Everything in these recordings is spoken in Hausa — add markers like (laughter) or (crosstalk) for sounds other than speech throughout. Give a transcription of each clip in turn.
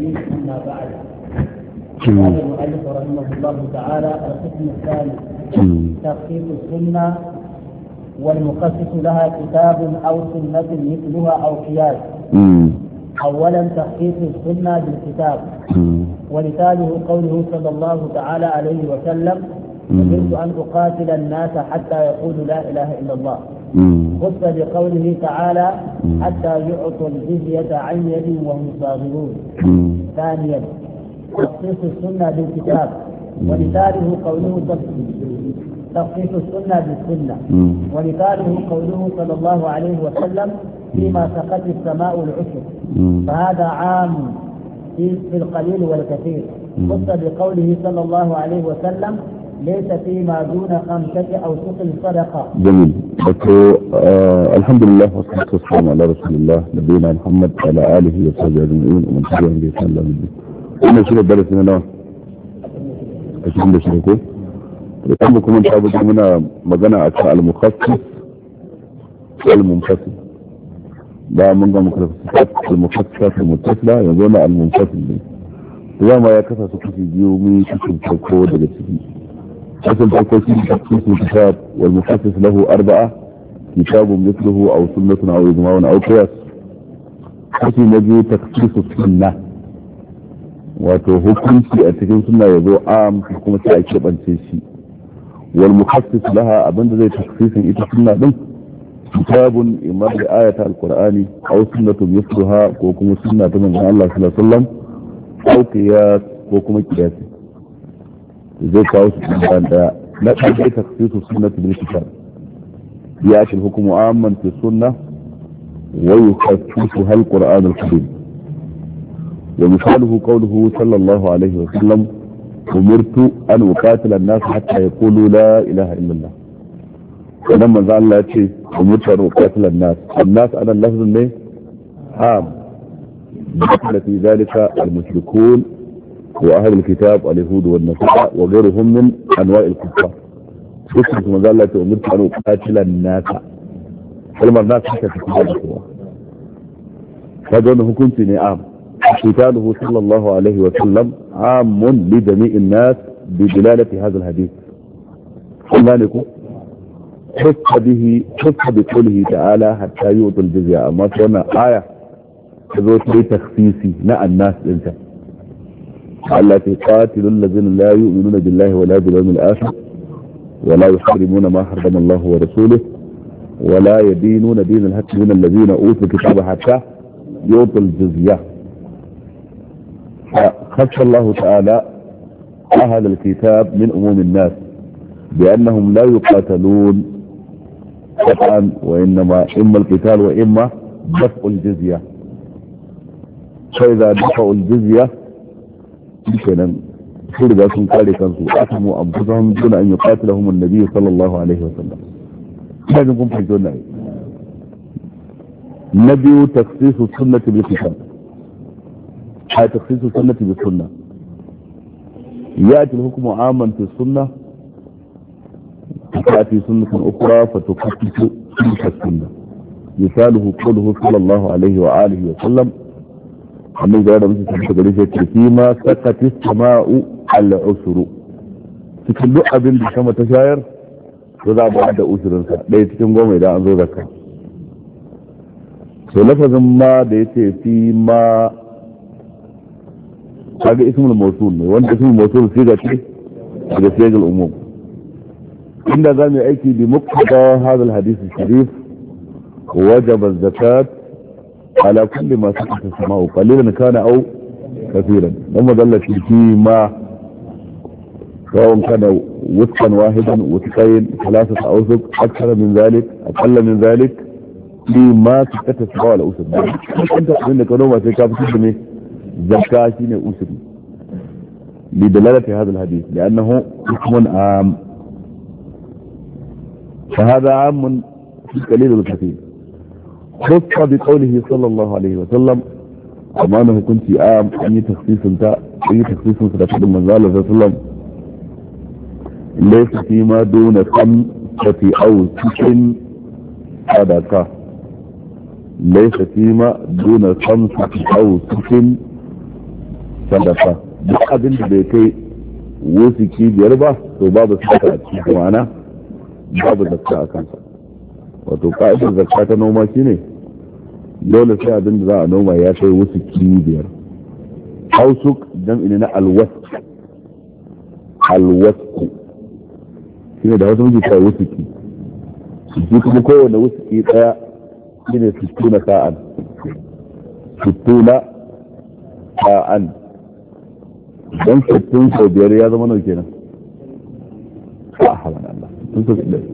أما بعد قال المؤلف رحمه الله تعالى القسم الثاني تخصيص السنة والمخصص لها كتاب أو سنة مثلها أو قياس أولا تخصيص السنة بالكتاب ولسانه قوله صلى الله تعالى عليه وسلم أمرت أن أقاتل الناس حتى يقولوا لا إله إلا الله خص بقوله تعالى حتى يعطوا الجزية عن يد وهم صاغرون ثانيا تخصيص السنة بالكتاب ولذلك قوله تخصيص السنة بالسنة ولذلك قوله صلى الله عليه وسلم فيما سقت السماء العشر فهذا عام في القليل والكثير خص بقوله صلى الله عليه وسلم ليس فيما دون خمسة أو ست صدقة جميل آه الحمد لله والصلاة والسلام على رسول الله نبينا محمد وعلى آله وصحبه أجمعين ومن تبعهم بإحسان إلى يوم الدين. أنا شنو الدرس من الآن؟ الحمد لله لأنه كمان تعبد منا مجانا أكثر المخصص والمنفصل لا من المخصصات المخصصات المتصلة يزون المنفصل هو ما يكسر سكوتي ديومي ومين شكل دلسكي حسن تأكد في تخصيص الكتاب والمخصص له أربعة كتاب مثله أو سنة أو إجماع أو قياس حسن الذي تخصيص السنة وتهكم في أتكين سنة يضوء عام في حكومة أكتب أن تيسي والمخصص لها أبند زي تخصيص إيه تسنة دم كتاب إما آية القرآن أو سنة مثلها كوكم سنة من الله صلى الله عليه وسلم أو قياس كوكم قياسي zai kawo su cikin bayan daya na ɗaya tafsiru sunnati bil kitab ya shi hukumu amman fi sunna wa yukaffifu hal qur'an al karim wa misaluhu qawluhu sallallahu alaihi wa sallam umirtu an uqatila an-nas ya yaqulu la ilaha illallah. allah wannan manzo Allah ya ce umirtu an uqatila an-nas an-nas ana lafzun ne am دخل في al المشركون وأهل الكتاب اليهود والنصارى وغيرهم من أنواع الكفار فكرة ما قال لك أمرت أن أقاتل الناس كلمة الناس حتى الله. هذا أنه كنت نعام قتاله صلى الله عليه وسلم عام لجميع الناس بدلالة هذا الحديث ذلك حس به حس بقوله تعالى حتى يؤتوا الجزية أما سنة آية تقول لي تخصيصي لا الناس انت التي قاتل الذين لا يؤمنون بالله ولا باليوم الاخر ولا يحرمون ما حرم الله ورسوله ولا يدينون دين الحق من الذين اوتوا الكتاب حتى يعطوا الجزيه فخشى الله تعالى اهل الكتاب من اموم الناس بانهم لا يقاتلون قطعا وانما اما القتال واما دفع الجزيه فاذا دفعوا الجزيه kenan sun riga sun kare kansu mu atamu anfusahum duna an yi an annabi sallallahu alaihi wasallam ina jin kun fahimci wannan na biyu taksisu sunnati bi kitab a taksisu sunnati bil sunna hukumu amanta hukmu amman fi sunnah تأتي سنة أخرى فتخصص تلك السنة مثاله قوله صلى الله عليه وآله annabi da mutum sun gari sai shi fi ma sakati sama'u al-usru cikin duk abin da sama ta shayar to za a da usurinsa ɗaya cikin goma idan an zo zakka to lafazin ma da yace fi ma kaga ismul mawsul ne wanda ismul mawsul siga ce daga al umum inda za mu yi aiki bi muqtada hadha al-hadith al-sharif wajaba az-zakat على كل ما سكت السماء قليلا كان أو كثيرا لما ظلت فيما سواء كان وثقا واحدا وثقين ثلاثة اوثق أكثر من ذلك أقل من ذلك فيما سكت السماء على أوسق أنت تقول لك نوما سيكاب سيكاب زكاة شيني أوسق لدلالة هذا الحديث لأنه اسم عام فهذا عام في القليل والكثير خطة بقوله صلى الله عليه وسلم أمانه كنت آم أي تخصيص أنت أي تخصيص أنت لك من صلى الله وسلم ليس فيما دون كم فتي أو تكن صدقة ليس فيما دون كم فتي أو تكن صدقة بقد انت بيكي وسكي بيربا وبعض الصدقة معنا بعض الصدقة كانت wato ka'idar zakka ta noma ne? dole sai abin da za a noma ya kai wasu kini biyar hausuk jam'i ina na alwasku alwasku ne da wasu muke kai wasu ki shi kuma kowane wasu ki daya shine sittuna sa'an sittuna sa'an don sittin sau biyar ya zama nau kenan a ah, hawan Allah sun sau biyar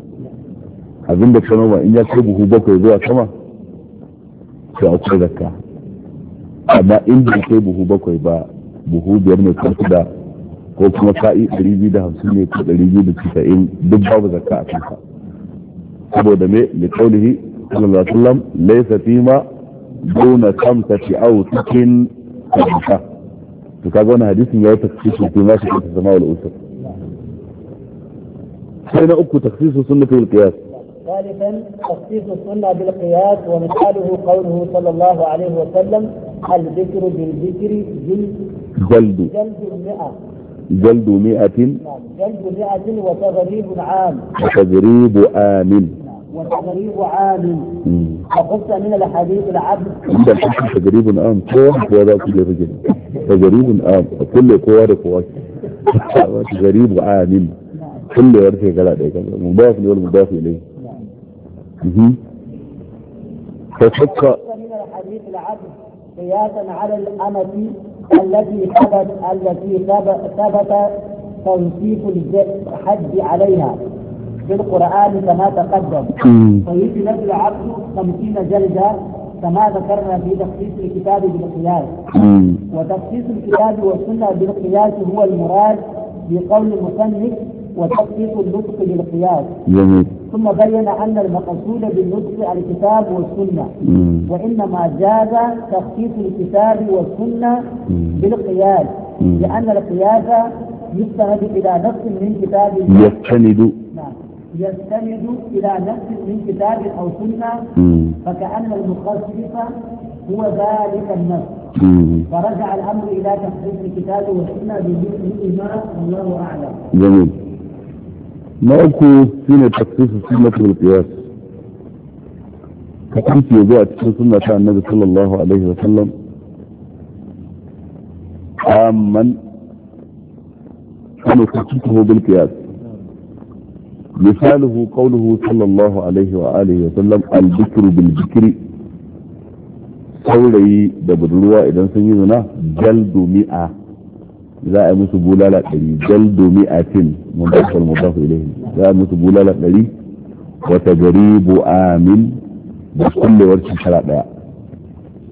abinda ka noma in ya kai buhu bakwai zuwa sama to akwai zakka amma in bai kai buhu bakwai ba buhu biyar ne ko kuda ko kuma sa'i ɗari biyu da hamsin ne ko ɗari biyu da casa'in duk babu zakka a kansa saboda me li qawlihi sallallahu alaihi wasallam laysa fima duna ti au tukin zakka to kaga wannan hadisin ya tafsirin fi ma shi ta zama wal usul sai na uku tafsirin sunnatul qiyas ثالثا تخصيص السنه بالقياس ومثاله قوله صلى الله عليه وسلم الذكر بالذكر جلد جلد جلد المئة جلد مئة نعم. جلد مئة وتغريب عام وتغريب عام نعم. وتغريب عام وقلت من الحديث العبد عند الحكم تغريب عام قوة كل رجل تغريب عام كل قوة قوة (laughs) غريب عام كل ورثة كلا مضاف لي والمضاف إليه فتحك من الحديث العدل قياسا على الأمة التي ثبت التي ثبت تنصيف الحج عليها في القرآن كما تقدم فيجلد العبد 50 جلدة كما ذكرنا في تخصيص الكتاب بالقياس وتخصيص الكتاب والسنة بالقياس هو المراد بقول المصنف وتخصيص النطق بالقياس جميل ثم بين أن المقصود بالنطق الكتاب والسنة وإنما جاز تخصيص الكتاب والسنة بالقياس لأن القياس يستند إلى نص من كتاب يستند نعم يستند إلى نص من كتاب أو سنة فكأن المخصص هو ذلك النص فرجع الأمر إلى تخصيص الكتاب والسنة بجزء الله أعلم جميل na uku shi ne taksisu sunnatul qiyas hukunci ya zo a cikin suna ta annabi sallallahu alaihi wa sallam amman kana taksisuhu bil qiyas مثاله قوله صلى saurayi da budurwa idan sun yi zina jaldu mi'a za a musu bulala ɗari jaldo mi'atin mudafal mudaf ilayhi za a musu bulala ɗari wa tajribu amin da kullewar shekara ɗaya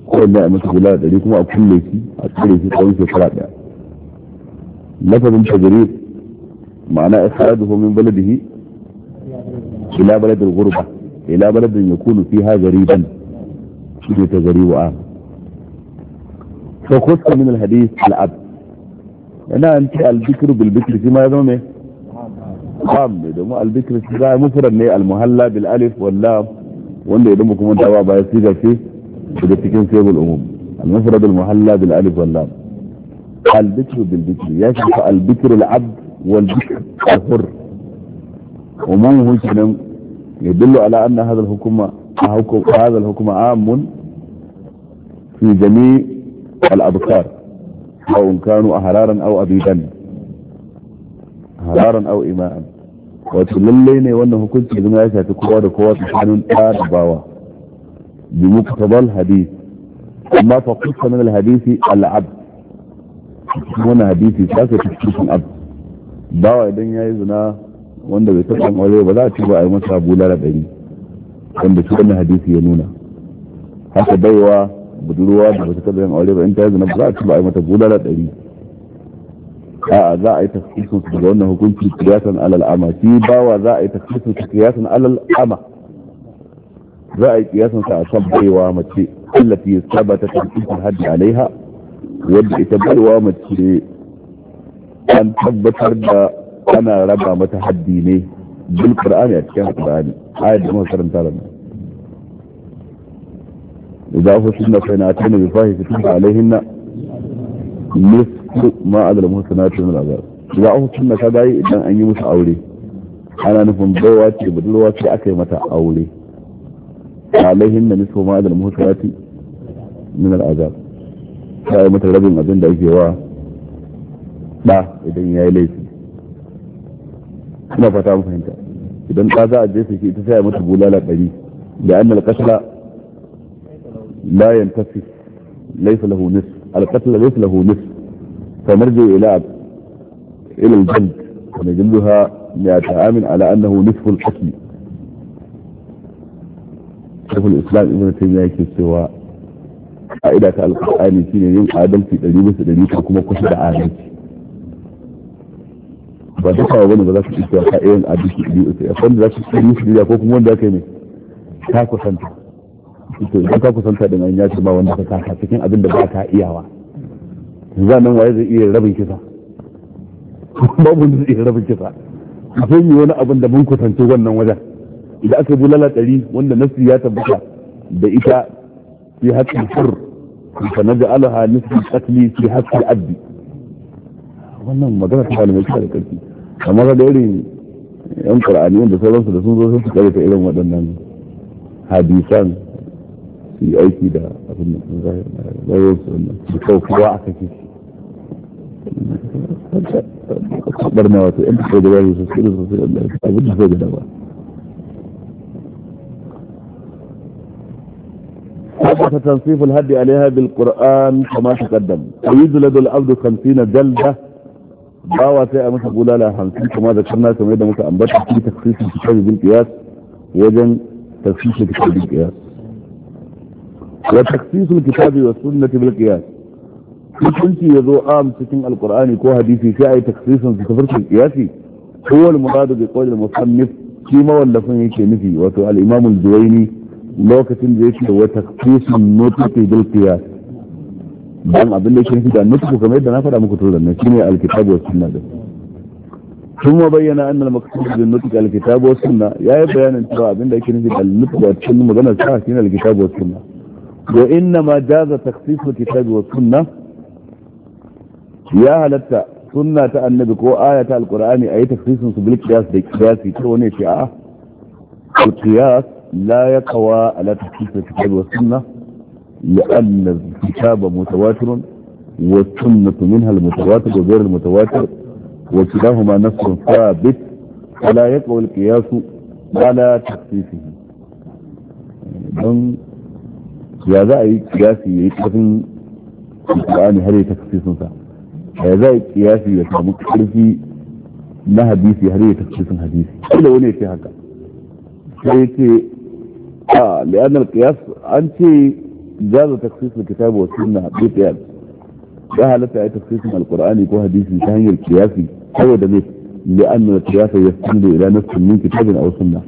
ko da a musu bulala ɗari kuma a kulle shi a kulle shi tsawon shekara ɗaya lafazin tajrib ma'ana ikhrajuhu min baladihi ila baladil ghurba ila baladin yakunu fiha ghariban shi ne tajribu amin فخذت من الحديث العبد انا انت البكر بالبكر في ماذا إيه؟ مي خام دمو البكر في مفرد مي المهلا بالالف واللام وان دي دمو كمان دوا باي سيجا في بدا تكين سيب الأموم المفرد المهلا بالالف واللام البكر بالبكر يا شيخ البكر العبد والبكر الحر ومن هو كنم يدل على أن هذا الحكم هذا الحكم عام في جميع الأبكار sawun kanu ahraran aw abidan ahraran aw ima'an wato lalle ne wannan hukunci zama ya shafi kowa da kowa tsakanin ɗa da bawa bi muktabal hadith amma fa hadisi hadisi ta ka cikin abd bawa idan yayi zina wanda bai taɓa aure ba za a ci ba a yi masa bulala ɗari wanda shi wannan hadisi ya nuna haka baiwa budurwa da wata ta taɓa yin aure ba in ta yi zina ba za a ci ba a yi mata bulala ɗari a za a yi tafsirin su da wannan hukunci kiyasan alal ama shi bawa za a yi tafsirin su kiyasan alal ama za a yi kiyasan sa a kan baiwa mace allafi ya allati sabata tafsirin haddi alaiha wadda ita baiwa mace an tabbatar da ana raba mata haddi ne bil qur'ani a cikin qur'ani ayat da muka karanta da إذا أفتنا فإن أتينا بفاحشة عليهن نصف ما على المحسنات من العذاب إذا أفتنا كذا إذا أن يمس أولي أنا نفهم بواتي بدلواتي أكي متى أولي عليهن نصف ما على المحسنات من العذاب فأي متى ربما أبين دعيك يوا لا إذن يا إليسي ina fata mu fahimta idan ta za a je su ita sai mata bulala ɗari da annal kasala لا ينتفي ليس له نصف القتل ليس له نصف فنرجع إلى إلى الجلد ونجلدها مئة عام على أنه نصف القتل شيخ الإسلام ابن تيمية يكي سوى قائدة القرآن شين يوم عادل في دليل سدليل كما كشد آدم ba duka wani ba za su iya ka'irin abin su biyu sai wanda za su iya yi su biyu ko to idan ka kusanta da mai yaci ba wanda ka saka cikin abin da ba ka iyawa nan waye zai iya rabin kisa mun zai iya rabin kisa sai yi wani abin da mun kusanci wannan wajen idan aka bulala ɗari wanda nasu ya tabbata da ita fi haƙƙin fur fa na ja'alaha nisbi qatli fi haƙƙin abdi wannan magana ta malamai ta da ƙarfi amma da irin yan qur'ani da sauransu da sun zo sun su ta irin waɗannan hadisan في اي aiki اظن abin da zai zai su wannan su kawo kowa aka ci حدث تنصيف الهدي عليها بالقرآن كما تقدم لدى الأرض خمسين جلدة باوة سيئة مش أقول لها خمسين كما ذكرنا كما يدى متأنبت في تخصيص الكتاب بالقياس وجن تخصيص الكتاب بالقياس wa taksisul kitabi wa sunnati bil qiyas hukunci ya zo am cikin alqur'ani ko hadisi sai ai taksisin su tafarkin qiyasi huwa al-muradu bi qawli al-musannif shi ma wallafin yake nufi wato al-imam al-duwayni lokacin da yake wa taksisun nutqi dan abin da yake nufi da nutqu kamar yadda na faɗa muku tun nan shine al-kitabu wa sunna din ثم بين ان المقصود بالنطق الكتاب والسنه يا بيان ان da ابن ده cikin magana والسنه shi صح alkitabu wasu والسنه وإنما جاز تخصيص الكتاب والسنة يا أنت سنة النبي كو آية القرآن أي تخصيص بالقياس بالقياس كوني شعاع القياس لا يقوى على تخصيص الكتاب والسنة لأن الكتاب متواتر والسنة منها المتواتر وغير المتواتر وكلاهما نص ثابت فلا يقوى القياس على تخصيصه ya za a yi kiyasi ya yi ƙarfin alƙur'ani har ya ta tafsirinsa ya za a yi kiyasi ya samu ƙarfi na hadisi har ya ta tafsirin hadisi kila wani ya ce haka sai ya ce a li'anar kiyas an ce jaza tafsirin kitabu wa sunna bi qiyas ya halatta ya tafsirin alƙur'ani ko hadisi ta hanyar kiyasi saboda ne li'anar kiyasa ya da ila nafsin min kitabin aw sunna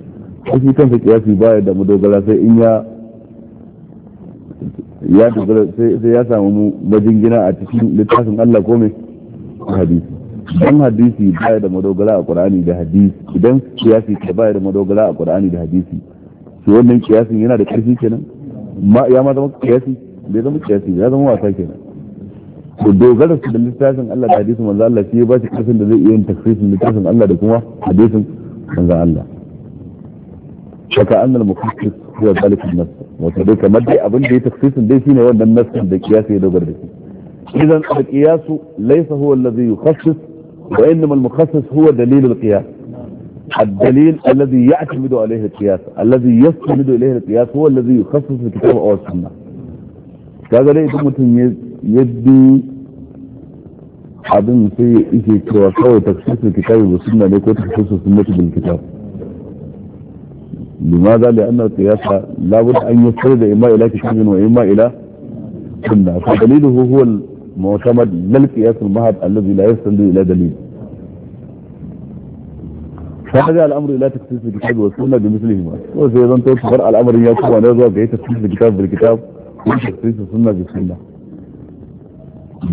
shi kansa kiyasi baya da madogara sai in ya ya dogara sai ya samu majingina a cikin littafin Allah ko me hadisi dan hadisi baya da madogara a Qur'ani da hadisi idan kiyasi ka baya da madogara a Qur'ani da hadisi shi wannan kiyasin yana da karfi kenan ma ya ma zama kiyasi bai zama kiyasi ya zama wasa kenan to dogara su da littafin Allah da hadisin manzo Allah shi ba shi karfin da zai iya yin tafsirin littafin Allah da kuma hadisin manzo Allah shaka annal mufassir هو ذلك النفس وتبقى مادي أبن دي تخصيص دي سين هو النفس عند القياس يدبر دي القياس ليس هو الذي يخصص وإنما المخصص هو دليل القياس الدليل الذي يعتمد عليه القياس الذي يستند إليه القياس هو الذي يخصص الكتاب أو السنة كذا ليه دمة يدي أبن في إيه كواسا وتخصيص الكتاب والسنة ليه كواسا وتخصيص السنة بالكتاب لماذا لأن القياس لابد أن يفرد إما إلى كتاب وإما إلى سنة فدليله هو المعتمد القياس المهد الذي لا يستند إلى دليل فرجع الأمر إلى تخصيص الكتاب والسنة بمثلهما وسيظن تفرع الأمر يقوم أن يرضى بأي تخصيص الكتاب بالكتاب وتخصيص السنة بالسنة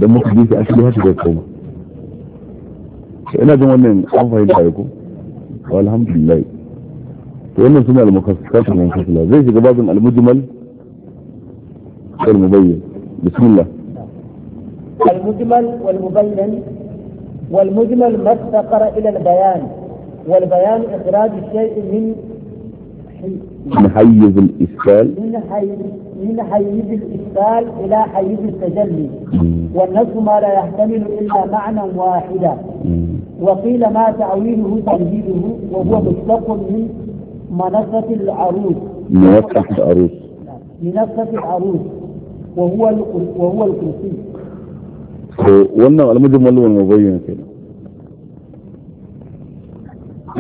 ده ممكن يجي في اشياء هكذا يقوم ina jin wannan an الحمد لله wannan suna المخصصات makasasasun زي zai shiga المجمل والمبين بسم الله المجمل والمبين والمجمل ما افتقر إلى البيان والبيان إخراج الشيء من من حيز الإشكال من حيز من حيز الإشكال إلى حيز التجلي والنص ما لا يحتمل إلا معنى واحدا وقيل ما تعويله تجديده وهو مشتق من منصة العروس منصة العروس منصة العروس وهو وهو الكرسي wannan almujmal wal mubayyin kenan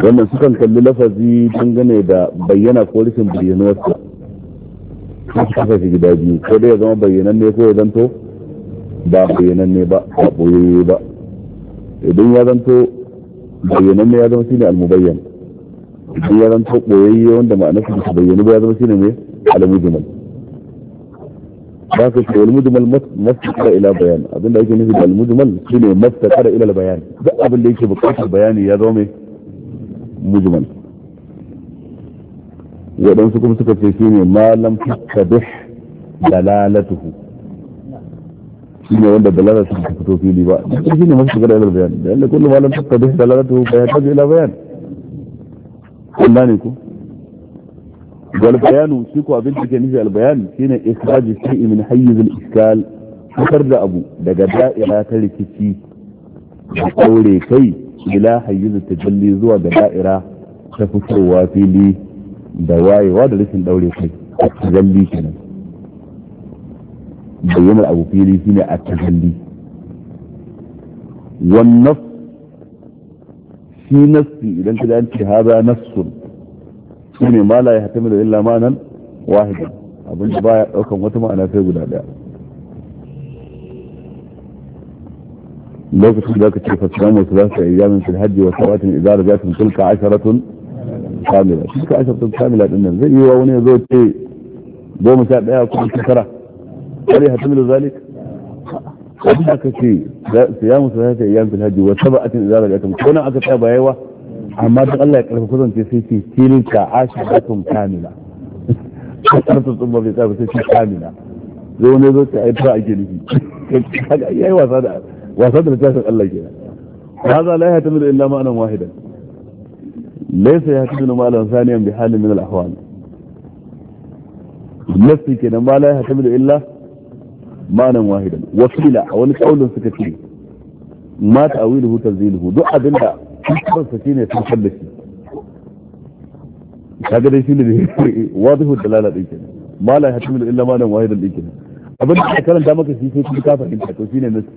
wannan sukan kalli lafazi dangane da bayyana ko rashin ta. kafa shi gida biyu ko dai ya zama bayyananne ko ya zanto ba bayyananne ba ba boyayye ba idan ya zanto bayyananne ya zama shine almubayyan idan ya zanto ɓoyayye wanda ma'anarsa ba ta bayyana ba ya zama shine ne al-mujmal ba ka ce al-mujmal mastaqara ila bayan abin da ake nufi da al-mujmal shine mastaqara ila bayan duk abin da yake buƙatar bayani ya zama mujmal waɗansu kuma suka ce shine malam tattadih dalalatuhu shine wanda dalalatu ta fito fili ba duk shine mastaqara ila bayan da kullum malam tattadih dalalatuhu bayan ta ila bayan kun gane ko wal shi ko abin da ke nufi albayani bayan shine ikhraji shay'i imin hayyuzin al iskal fitar da abu daga da'ira ta rikici da kaure kai ila hayyiz al tajalli zuwa ga da'ira ta fitowa fili da wayewa da rikin daure kai tajalli kenan bayyanar abu fili shine at tajalli wannan. في نفسي إذا أنت لأنت هذا نفس يعني ما لا يحتمل إلا معنى واحدا أظن بايع أكم وتما أنا في قولها لا لو كتب ذلك كيف السلام وثلاثة أيام في الهج وثوات إذا رجعت من تلك عشرة كاملة تلك عشرة كاملة زي الزي يواني ذوتي دوم ساعة بيها وكل هل يحتمل ذلك؟ abin da aka ce siyamu sa ta iyyam fil hajji wa sab'atin idza rajatum ko nan aka tsaya bayewa amma dan Allah ya karfa kusance sai ce tilka ashiratun kamila karfa sun ba bai tsaya sai ce kamila zai wani zo ce ai ake nufi (laughs) kaga yayi wasa da wasa da tashin Allah kenan a لا يهتمل إلا معنى واحدا ليس يهتمل معنى ثانيا بحال من الأحوال نفسي كده ما لا يهتمل illa. manan wahidan wakila a wani kaulin suka ce ma ta'awiluhu tanziluhu duk abin da kansa shine tafsir da shi kaga dai shine wadihu dalala din kenan ma la yahmilu illa manan wahidan din kenan abin da ka karanta maka shi sai ka fahimta to shine nasi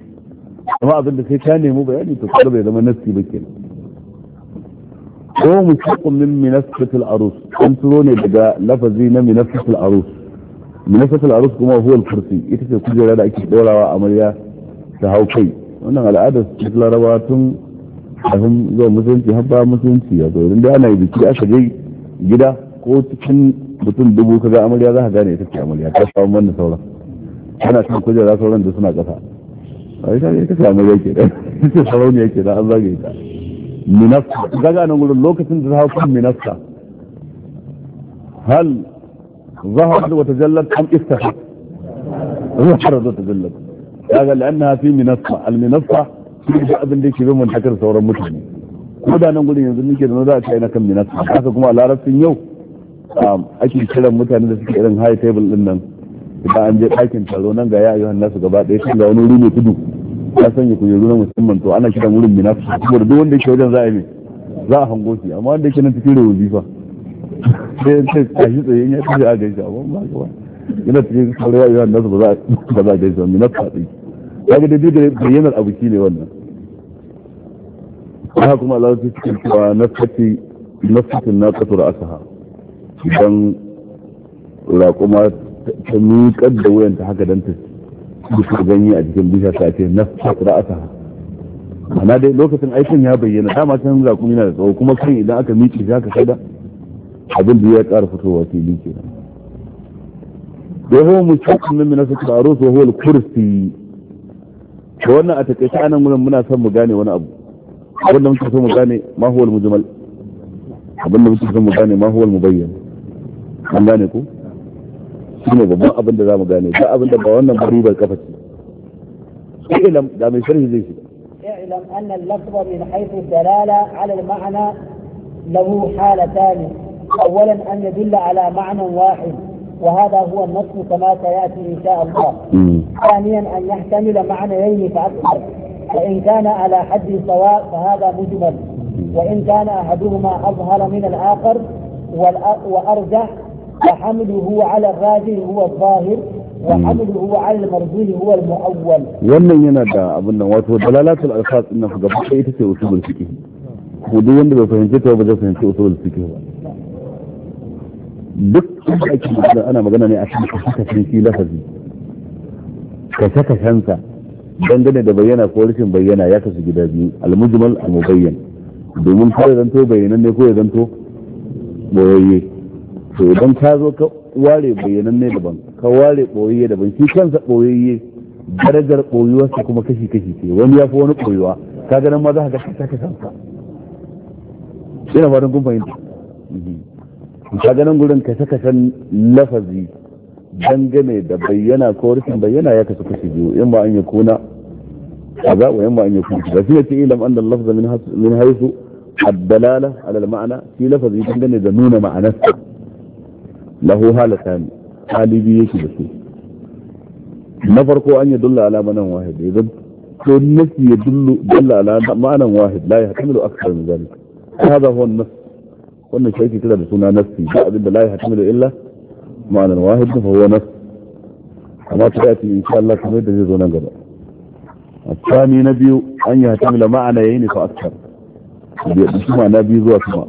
amma abin da sai ka nemi bayani to kada bai zama nasi ba kenan ko mushaqqun min minasfatil arus an turo ne daga lafazi na minasfatil arus munafatul arus kuma huwa kursi ita ce kujera da ake ɗorawa amarya ta hau kai wannan al'adar su larabawa tun kafin zuwa musulunci har ba musulunci a zo da ana yi biki aka je gida ko cikin mutum dubu kaza amarya za ka gane ita ce amarya ta samu wannan sauran ana kan kujera sauran da suna kasa a ita ne ita ce amarya ke da ita ya ke da an zagaye ta minasta kaga nan gurin lokacin da ta hau kan minasta hal ظهرت وتجلت أم افتحت ظهرت وتجلت هذا لأنها في منصة المنصة في شعب اللي كبير من حكر ثورة متعني كودا نقول ينزل منك إذا نزعت أين كم منصة حتى كما لا رب في يو أكيد كده متعني ده سكي إرن هاي تيبل إنن إذا أنجي حاكم تلونا يا أيها الناس قبات إيش إذا ونولي نتدو ya sanya kujeru na musamman to ana kiran wurin mina saboda duk wanda ke wajen za'a a yi za a hango shi amma wanda ke nan cikin rewobi fa sai sai tashi tsaye ya tashi a gaisa ba ba ga wani yana cikin saurewa iran nasu ba za a gaisa wani na faɗi ya ga daidai da bayyanar abu shi ne wannan haka kuma Allah su cikin cewa nafati nafatin na kasura asaha idan raƙuma ta miƙar da wuyanta haka don ta bisa ganye a cikin bisa ta ce nafatin ra'asaha ana dai lokacin aikin ya bayyana dama can raƙumi na da tsawo kuma kan idan aka miƙe shi ka kada abin da ya ƙara fitowa fili kenan وهو مشتق من مناسبة العروس وهو الكرسي wannan a takaice anan gurin muna son mu gane wani abu abinda muke son mu gane ma huwa al-mujmal abinda muke son mu gane ma huwa al-mubayyan an gane ku shine babban abin da zamu gane da abin da ba wannan ba ribar kafa ce ilam da mai sharhi zai shiga اعلم أن اللفظ من حيث الدلالة على المعنى له حالتان أولا أن يدل على معنى واحد وهذا هو النص كما سيأتي إن شاء الله ثانيا أن يحتمل معنيين فأكثر فإن كان على حد سواء فهذا مجمل وإن كان أحدهما أظهر من الآخر وأرجح فحمله على الراجل هو الظاهر وحمله على المرجول هو المؤول ومن ينادى أبو النواس ودلالات الألفاظ إنه alfaz شيء nan gaba ita ce usulul fiqh ko duk wanda duk inda ake magana ana magana ne a kan kashe shi lafazi kashe kashensa dangane da bayyana ko rashin bayyana ya kasu gida biyu almujmal almubayyan domin har ya zanto bayyanan ne ko ya zanto boyayye to idan ka zo ka ware bayyanan ne daban ka ware boyayye daban shi kansa boyayye darajar boyuwarsa kuma kashi kashi ce wani ya fi wani boyuwa ka ganin ma za ka ga kasa kasansa ina fatan kun fahimta ka ganin gurin kashe-kashen lafazi dangane da bayyana ko rikin bayyana ya kasu kashi biyu in ba an yi kuna kaza wa in ba an yi kuna kaza shi ne ce ilam an da lafza min haisu addalala alal ma'ana shi lafazi dangane da nuna ma'anarsa lahu halata ne halibi yake da su na farko an yi dulla ala manan wahid idan to nasi ya dulla ala ma'anan wahid la ya hakamilu aksar min zalika hada huwa an-nas wannan shi ake kira da suna nafsi ba abin da la ya da illa ma'anar wahid da fa huwa nafs amma ta yi in sha Allah kamar da zai zo nan gaba asani na biyu an yi hatimi da ma'ana yayi ne fa akthar da shi ma na biyu zuwa sama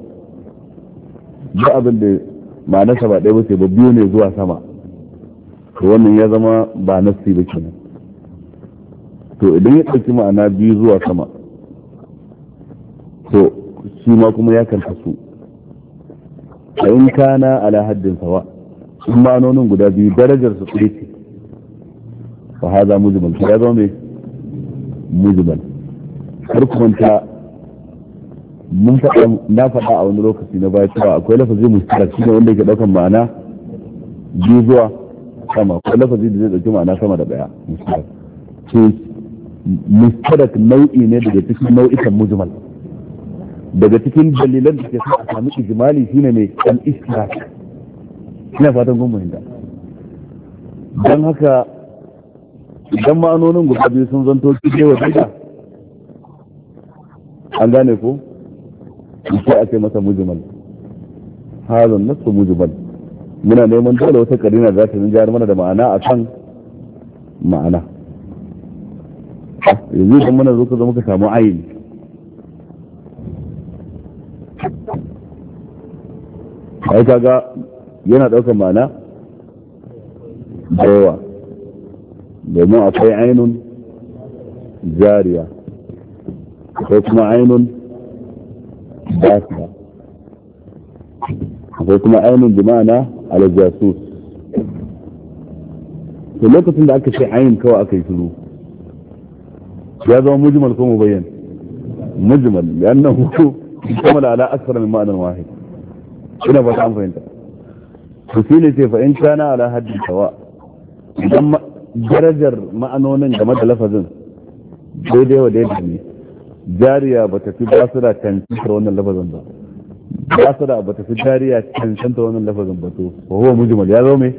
ba abin da ma'ana sa ba ɗaya ba sai ba biyu ne zuwa sama to wannan ya zama ba nafsi ba kenan to idan ya ɗauki ma'ana biyu zuwa sama to shi ma kuma ya karkasu su A in kana ala haddin sawa sun ma'anonin guda biyu darajar su tsaye fa haza mujmal ya zama mai mujmal har kuma ta mun faɗa na faɗa a wani lokaci na baya cewa akwai lafazi shi ne wanda yake ɗaukan ma'ana biyu zuwa sama akwai lafazin da zai ɗauki ma'ana sama da ɗaya mustarak to mustarak nau'i ne daga cikin nau'ikan mujmal daga cikin dalilan da ke sa a sami ijimali shine mai al istihaq ina fatan kun fahimta don haka idan ma'anonin guda biyu sun zanto kije wa bida an gane ko sai a ce masa mujimal hazan nasu mujimal muna neman dole wata karina za ta jihar mana da ma'ana a kan ma'ana ah, yanzu idan mana zo ka muka samu ayin ai kaga yana ɗaukar mana da yawa domin akwai ainun jariya akwai kuma ainun basiya akwai kuma ainun bimana aljasus to lokacin da aka ce ainun kawai aka yi shiru ya zama mujmal ko mubayyan mujmal yannan hutu (laughs) kuma da ala aksara min ma'anar wahid ina ba ta amfani to shi ne ce fa'in kana ala haddin tawa idan darajar ma'anonin game da lafazin daidai wa daidai ne jariya ba ta fi basira cancanta wannan lafazin ba basira ba ta fi jariya cancanta wannan lafazin ba to wa huwa mujmal ya zo me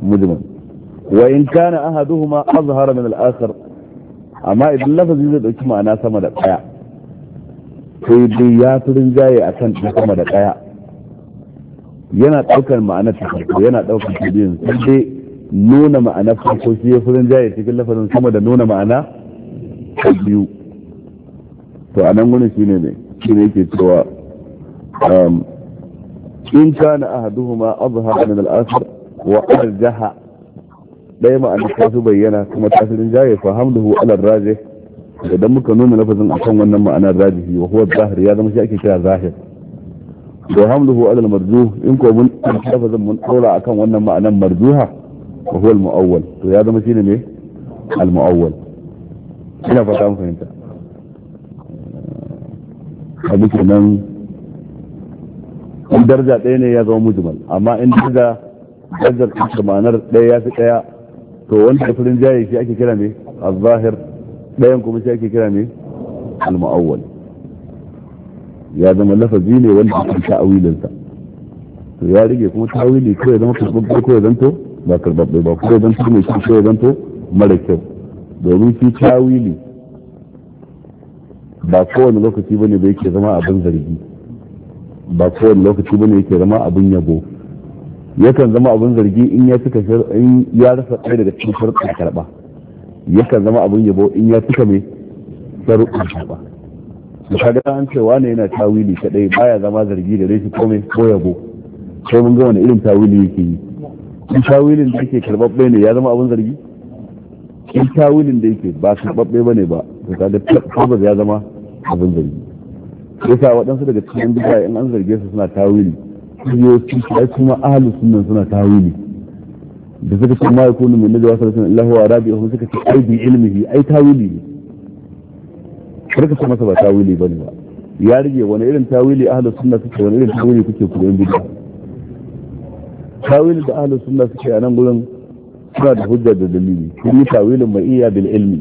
mujmal wa in kana ahaduhuma azhara min al-akhar amma idan lafazin zai dauki ma'ana sama da daya sai dai ya turin jaye akan sama da daya yana ɗaukar ma'anar ta farko yana ɗaukar ta biyun sai dai nuna ma'anar farko shi ya furin jaye cikin lafazin sama da nuna ma'ana ta biyu to a nan wani shi ne ne shi ne yake cewa um, in kana ahaduhuma azhar min al-akhar wa arjaha ɗaya ma'ana ta su bayyana kuma ta tasirin jaye fa hamduhu ala rajih idan muka nuna lafazin akan wannan ma'anar rajihi wa huwa zahir ya zama shi ake kira zahir wa hamduhu alal marzuh in ko mun lafazin mun dora akan wannan ma'anan marzuha wa huwa al muawwal to ya zama shine me al muawwal ina fata mun fahimta eh, abu kenan in daraja ɗaya ne ya zama mujmal amma in daraja darajar ta ma'anar ɗaya ya fi ɗaya to wanda ya furin jaye shi ake kira me al-zahir ɗayan kuma shi ake kira me al muawwal ya zama lafazi ne wanda ake ta'awilin ta'awilinsa to ya rige kuma ta'awili ko ya zama karbabbe ko ya zanto ba karbabbe ba ko ya zanto mai kyau ko ya zanto mara kyau domin shi ta'awili ba kowane lokaci bane ba yake zama abin zargi ba kowane lokaci bane yake zama abin yabo yakan zama abin zargi in ya fika in ya rasa ɗaya daga cikin sharuɗin karɓa yakan zama abin yabo in ya fika mai sharuɗin karɓa kaga an ce wane yana tawili kadai baya zama zargi da laifi ko mai ko yabo ko mun ga wani irin tawili yake yi in tawilin da yake karbabbe ne ya zama abin zargi in tawilin da yake ba karbabbe bane ba to kaga tabbas ya zama abin zargi yasa waɗansu daga cikin bid'a in an zarge su suna tawili kiriyoci sai kuma ahlus sunna suna tawili da suka ce ma yakunu min najwa sallallahu alaihi wa sallam illahu wa rabi'uhum suka ce ai bi ilmihi ai tawili ne karka ce masa ba tawili bane ba ya rige wani irin tawili ahlus sunna suke wani irin tawili kuke ku yin bid'a tawili da ahlus sunna suke a nan gurin suna da hujja da dalili sun yi tawilin mai iya bil ilmi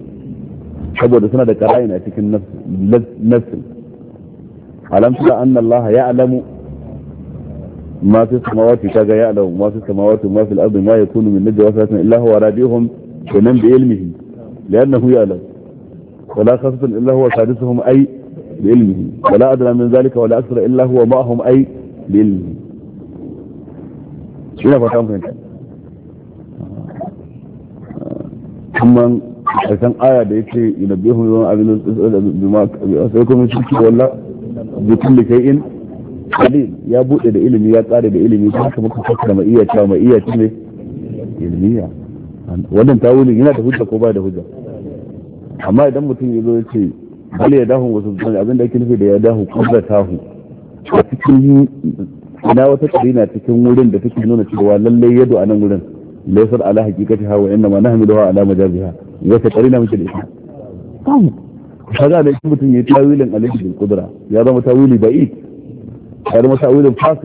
saboda suna da qara'in a cikin nafsi alam tara anna allah ya'lamu ما في السماوات كذا samawati ما في السماوات وما في الأرض ما يكون من نجوى ثلاثة إلا هو رابعهم ونم بعلمه لأنه يعلم ولا خاصة الا هو سادسهم اي بعلمه ولا ادرى من ذلك ولا اكثر الا هو معهم اي بعلمه ina fata mun kuma karshen aya da yake yunabbihu yawan abin da sai kuma shi walla bi kulli kay'in qalil ya bude da ilimi ya tsare da ilimi kuma kuma ka fassara ma iya cewa ma iya ne ilmiya wannan tawulin yana da hujja ko ba da hujja amma idan mutum ya zo ya ce bal ya dahu wasu zuwa abin da ake nufi da ya dahu kubra tahu a cikin ina wata karina cikin wurin da take nuna cewa lallai yadu a nan wurin laysar ala haqiqati ha wa inna ma nahmiluha ala majaziha wata karina muke da ita kaga da mutum ya tawilin alaihi bil kudura ya zama tawili ba'id ya zama tawilin a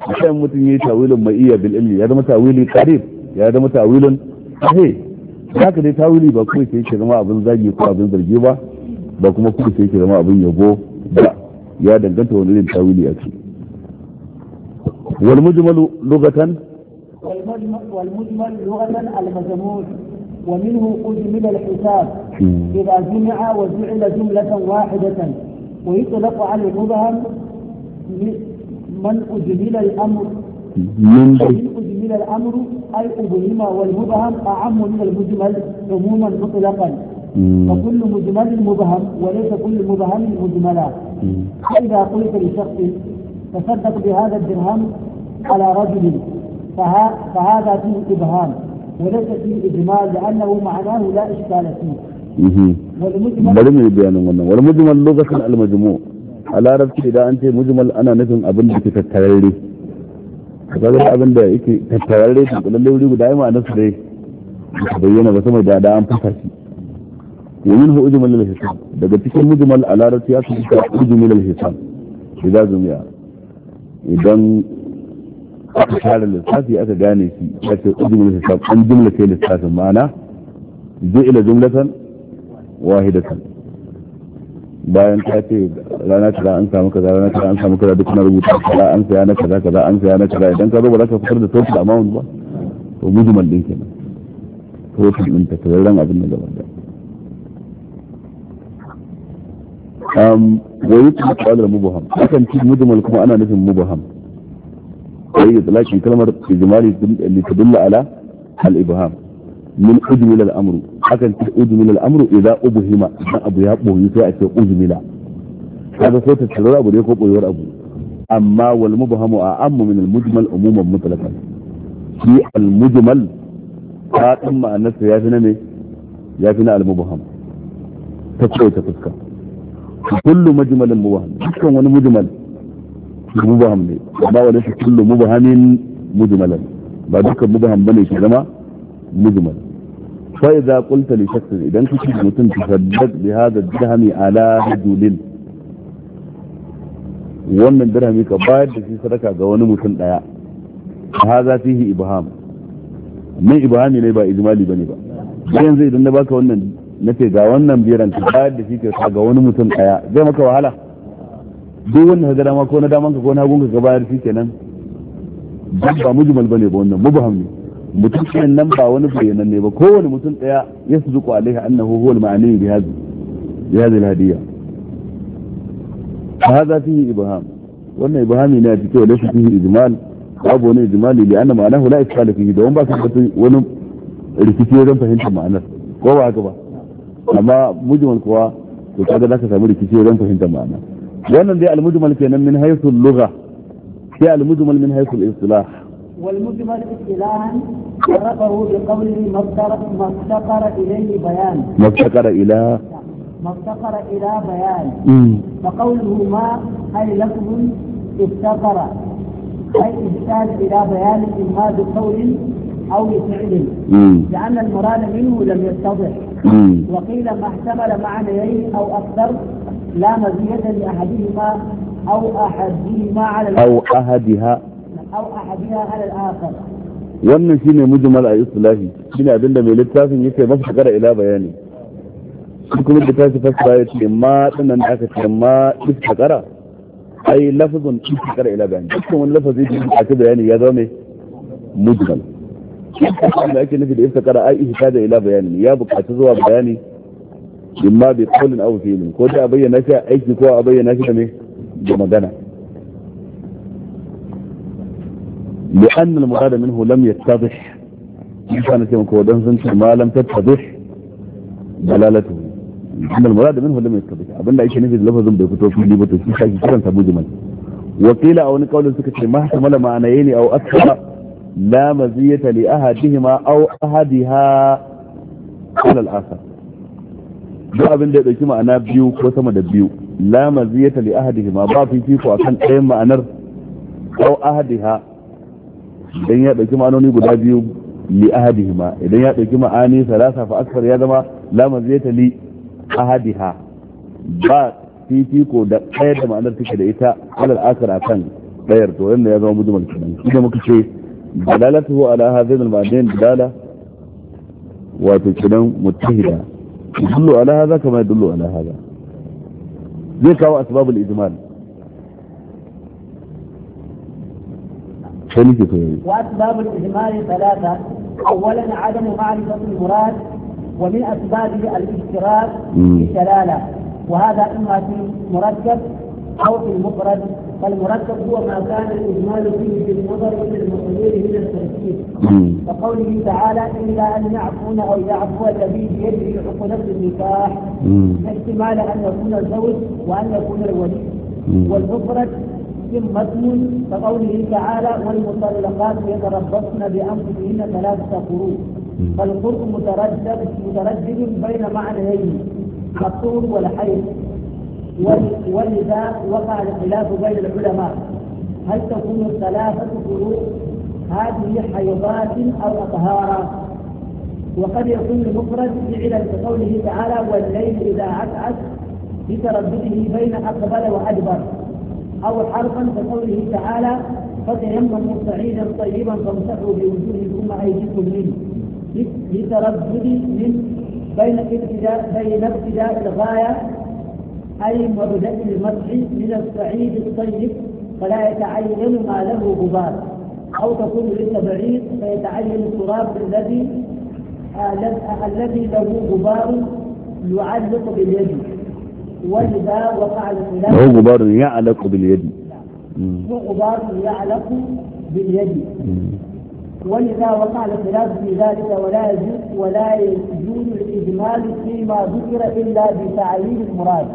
akan mutum ya yi tawilin ma'iyya bil ilmi ya zama tawili qarib ya zama tawilin sahih za ka dai tawili ba kuma sai ke zama abin zagi ko abin zargi ba ba kuma kuma sai ke zama abin yabo ba ya danganta wani irin tawili a ce wal mujmalu lugatan wal mujmal lugatan al mazmur wa minhu qudmil al hisab hmm. idha jumi'a wa ju'ila jumlatan wahidatan wa yutlaqu al mubham man ujmila al amr من من الأمر أي أبهم والمبهم أعم من المجمل عموما مطلقا فكل مجمل مبهم وليس كل مبهم مجملا فإذا قلت لشخص تصدق بهذا الدرهم على رجل فها فهذا فيه إبهام وليس فيه إجمال لأنه معناه لا إشكال فيه والمجمل mu yi bayanin wannan wani mujmal lokacin almajmu a larabci idan kaga abin da yake tattararre da kulalle wuri guda ma nasu dai ka bayyana ba sama da da an fasa shi wa minhu ujmal al hisab daga cikin mujmal a larabci ya su tuka ujmal al hisab idan zumiya idan aka tara lissafi aka gane shi ya ce ujmal al hisab an jumla kai lissafin ma'ana zai ila jumlatan wahidatan bayan ta ce rana kaza an samu kaza rana kaza an samu kaza duk na rubuta kaza an saya na kaza kaza an saya na kaza idan ka zo ba za ka fitar da total amount ba to mujmal din kenan total din ta tararren abin da gaba da um wani kuma kwalar mubaham akan ci mujmal kuma ana nufin mubaham sai ya tsalakin kalmar ijmali dilla ala al-ibham min ujmil al-amru akan ce ujmila al'amru idza ubhima na abu ya boyi sai a ce ujmila kaga ko ta tsaro abu ne ko boyuwar abu amma wal mubhamu a amma min al mujmal umuman mutlaqan shi al mujmal ta din ma'anarsa ya fi na me ya fi na al mubham ta kowace fuska kullu mujmalin mubham dukkan wani mujmal mubham ne ba wani kullu mubhamin mujmalan ba dukkan mubham bane ke zama mujmal fa idza qulta li idan kace da mutum tasaddaq bi hadha dirhami ala rajulin wannan dirhami ka bayar da shi sadaka ga wani mutum daya hadha fihi ibham mai ibhami ne ba ijmali bane ba dan yanzu idan na baka wannan nace ga wannan biran bayar da shi ka ga wani mutum daya zai maka wahala mutum nan ba wani ne ba kowane mutum daya ya su zuku alaiha annahu huwa al-ma'ani bi hadhihi bi hadhihi al-hadiyya hadha fihi ibham wannan ibhami ne a cikin wala fihi ijmal babu wani ijmali li anna ma'anahu la iskala fihi da ba su wani rikici wajen fahimtar ma'anar ko ba haka ba amma mujmal kuwa to kaga zaka samu rikici wajen fahimtar ma'ana wannan dai al-mujmal kenan min haythu al-lugha sai al-mujmal min haythu al-istilah والمجمل اصطلاحا عرفه بقوله ما افتقر اليه بيان ما افتقر الى ما افتقر الى بيان فقوله ما اي لفظ افتقر اي احتاج الى بيان اما بقول او بفعل لان المراد منه لم يتضح وقيل ما احتمل معنيين او اكثر لا مزيه لاحدهما او احدهما على او احدها wannan shine mujmal a islahi shine abinda mai littafin yake masa kada ila bayani shi kuma da tashi fasara ya ce ma dinan aka ce ma istakara ai lafazin istakara ila bayani dukkan wani lafazi da aka bayani ya zama mujmal da ake nufi da istakara ai ihtada ila bayani ya bukaci zuwa bayani imma bi qawlin aw fi'lin ko da a bayyana shi aiki ko a bayyana shi da me da magana لأن المراد منه لم يتضح كان كما كودن سنت ما لم تتضح دلالته أن المراد منه لم يتضح أبن لا يشني في اللفظ bai fito fili ba to shi kai kiran sa mujmal wakila a wani kaulin suka ce ma kamala ma'anayni aw akthar la maziyata li ahadihima aw duk abin da ya ɗauki ma'ana biyu ko sama da biyu la maziyata li ahadihima ba fifiko akan ɗayan ma'anar a ahadiha idan ya ɗauki ma'anoni guda biyu li ahadihima idan ya ɗauki ma'ani salasa fa akthar ya zama la maziyata li ahadiha ba fifiko da ɗaya da ma'anar take da ita alal akar akan ɗayar to wannan ya zama mujmal kenan idan muka ce dalalatuhu ala hadhihi al-ma'anayn dalala wato kenan muttahida yadullu ala hadha kama yadullu ala hadha zai kawo asbabul ijmal وأسباب الإجمال ثلاثة أولا عدم معرفة المراد ومن أسبابه الاشتراك في شلالة وهذا إما في المركب أو في المفرد فالمركب هو ما كان الإجمال فيه في النظر إلى المقدور من التركيب وقوله تعالى إلا أن يعفون أو يعفو الذي يجري عقدة النكاح احتمال أن يكون الزوج وأن يكون الولي والمفرد متن كقوله تعالى والمطلقات يتربصن بانفسهن ثلاثه قروء فالقرء متردد متردد بين معنيين الطول والحيض ولذا وقع الخلاف بين العلماء هل تكون الثلاثه قروء هذه حيضات او اطهارا وقد يكون المفرد فعلا كقوله تعالى والليل اذا عسعس بتردده بين اقبل وادبر أو حرفا كقوله تعالى فتيمموا صعيدا طيبا فامسحوا بوجوهكم أيديكم منه لتردد من بين ابتداء بين ابتداء الغاية أي مبدأ المسح من الصعيد الطيب فلا يتعين ما له غبار أو تكون للتبعيد فيتعين التراب الذي آه، الذي له غبار يعلق باليد وإذا وقع الخلاف هو غبار يعلق باليد هو غبار يعلق باليد وإذا وقع الخلاف في ذلك ولا يجوز ولا يجوز الإجمال فيما ذكر إلا بتعليل المراد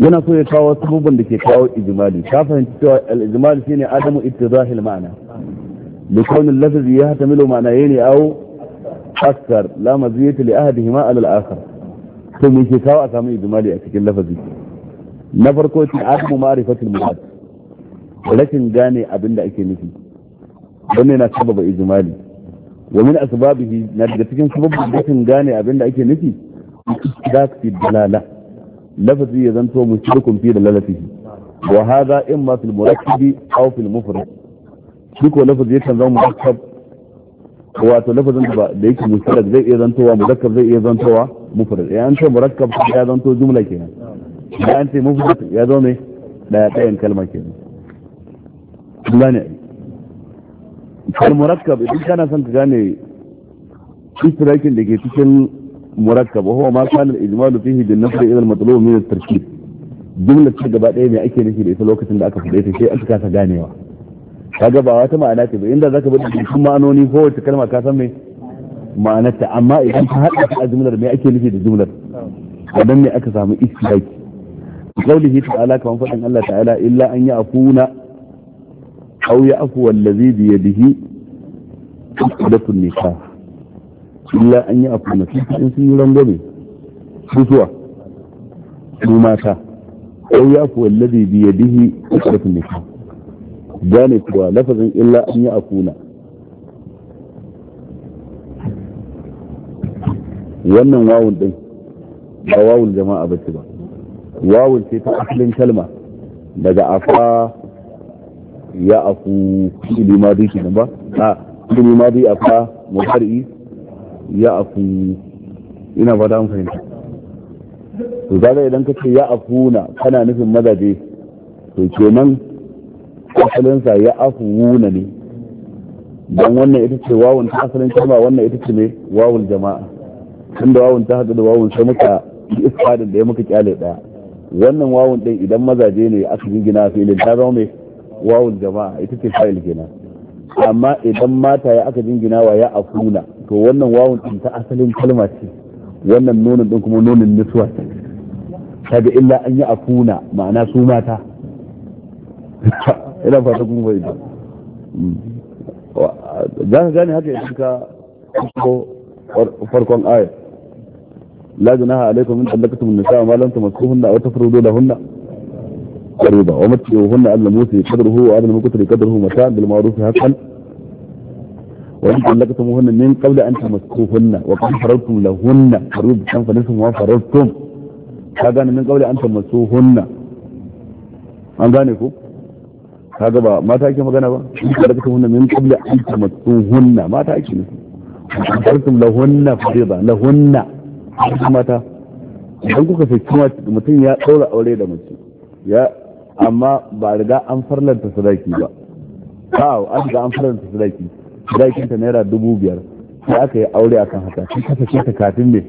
yana so ya kawo sabubban da ke kawo ijimali ka fahimci cewa al-ijmal shine adamu ittidahil ma'ana li kawn al-lafz yahtamilu ma'nayayn aw akthar la maziyata li ahadihima ala al-akhar to me ke kawo a samu ijimali a cikin lafazi na farko ce asmu ma'rifatul murad rashin gane abin da ake nufi wannan yana sababa ijimali wa min asbabihi na daga cikin sababin rashin gane abin da ake nufi dak fi dalala lafazi ya zanto mushrikun fi dalalatihi wa hadha imma fil murakkabi aw fil mufrad shi ko lafazi yakan zama murakkab wato lafazin da yake mushtarak zai iya zantowa muzakkar zai iya zantowa mufrad ya an ce murakkab ya zanto jumla kenan ya an ce mufrad ya zo mai daya ɗayan kalma kenan ne kal murakkab idan kana son ka gane istirakin da ke cikin murakkab wa huwa ma kana al-ijmalu fihi bin nafri ila al-matlub min at-tarkib jumla ce gaba ɗaya mai ake nufi da ita lokacin da aka fada ta sai aka kasa ganewa kaga ba wata ma'ana ce ba inda zaka bi dukkan ma'anoni wata kalma ka san me ma'anarta amma idan ka haɗa ta a jumlar ake nufi da jumlar wadan ne aka samu istiyaki qawlihi ta'ala kaman faɗin Allah ta'ala illa an ya afuna aw ya afu allazi bi yadihi qadatu nikah illa an ya afuna in sun yi rangwame mutuwa su mata aw ya afu allazi bi yadihi qadatu nikah gane kuwa lafazin illa an ya afuna wannan wawun din ba wawun jama'a ba ce ba wawun ce ta asalin kalma daga afa ya afu ma duki nan ba a ma duki afa mutari ya afu ina ba dan fahimta to kaga idan kace ya afu na kana nufin mazaje to kenan asalin sa ya afu wuna ne dan wannan ita ce wawun ta asalin kalma wannan ita ce ne wawun jama'a tun da wawun ta haɗu da wawun sai muka yi isfadin da ya muka kyale ɗaya wannan wawun ɗin idan mazaje ne aka jingina filin ta zama mai wawun jama'a ita ce fa'il kenan amma idan mata ya aka jingina wa ya afuna to wannan wawun ɗin ta asalin kalma ce wannan nonon ɗin kuma nonon nutsuwa ce kaga illa an yi afuna ma'ana su mata ina fata kun fahimta hmm. za ka gane haka idan ka farkon ayat لا جناح عليكم إن طلقتم النساء ما لم تمسكوهن أو تفرضوا لهن قريبا ومتعوهن أدنى موسي قدره وأدنى المكتر قدره متاع بالمعروف حقا وإن طلقتموهن من قبل أن تمسكوهن وقد فرضتم لهن فريضة فنصف ما فرضتم هذا من قبل أن تمسوهن أن gane هذا kaga ما تاكي ake magana ba in ka daga hunna min qabla an tamattu hunna mata ake nufi a mata idan kuka saki mutum ya ɗaura aure da mace ya amma ba riga an farlanta sadaki ba a'a an riga an farlanta sadaki sadakin ta naira dubu biyar sai aka yi aure akan haka sai ka sake ta kafin me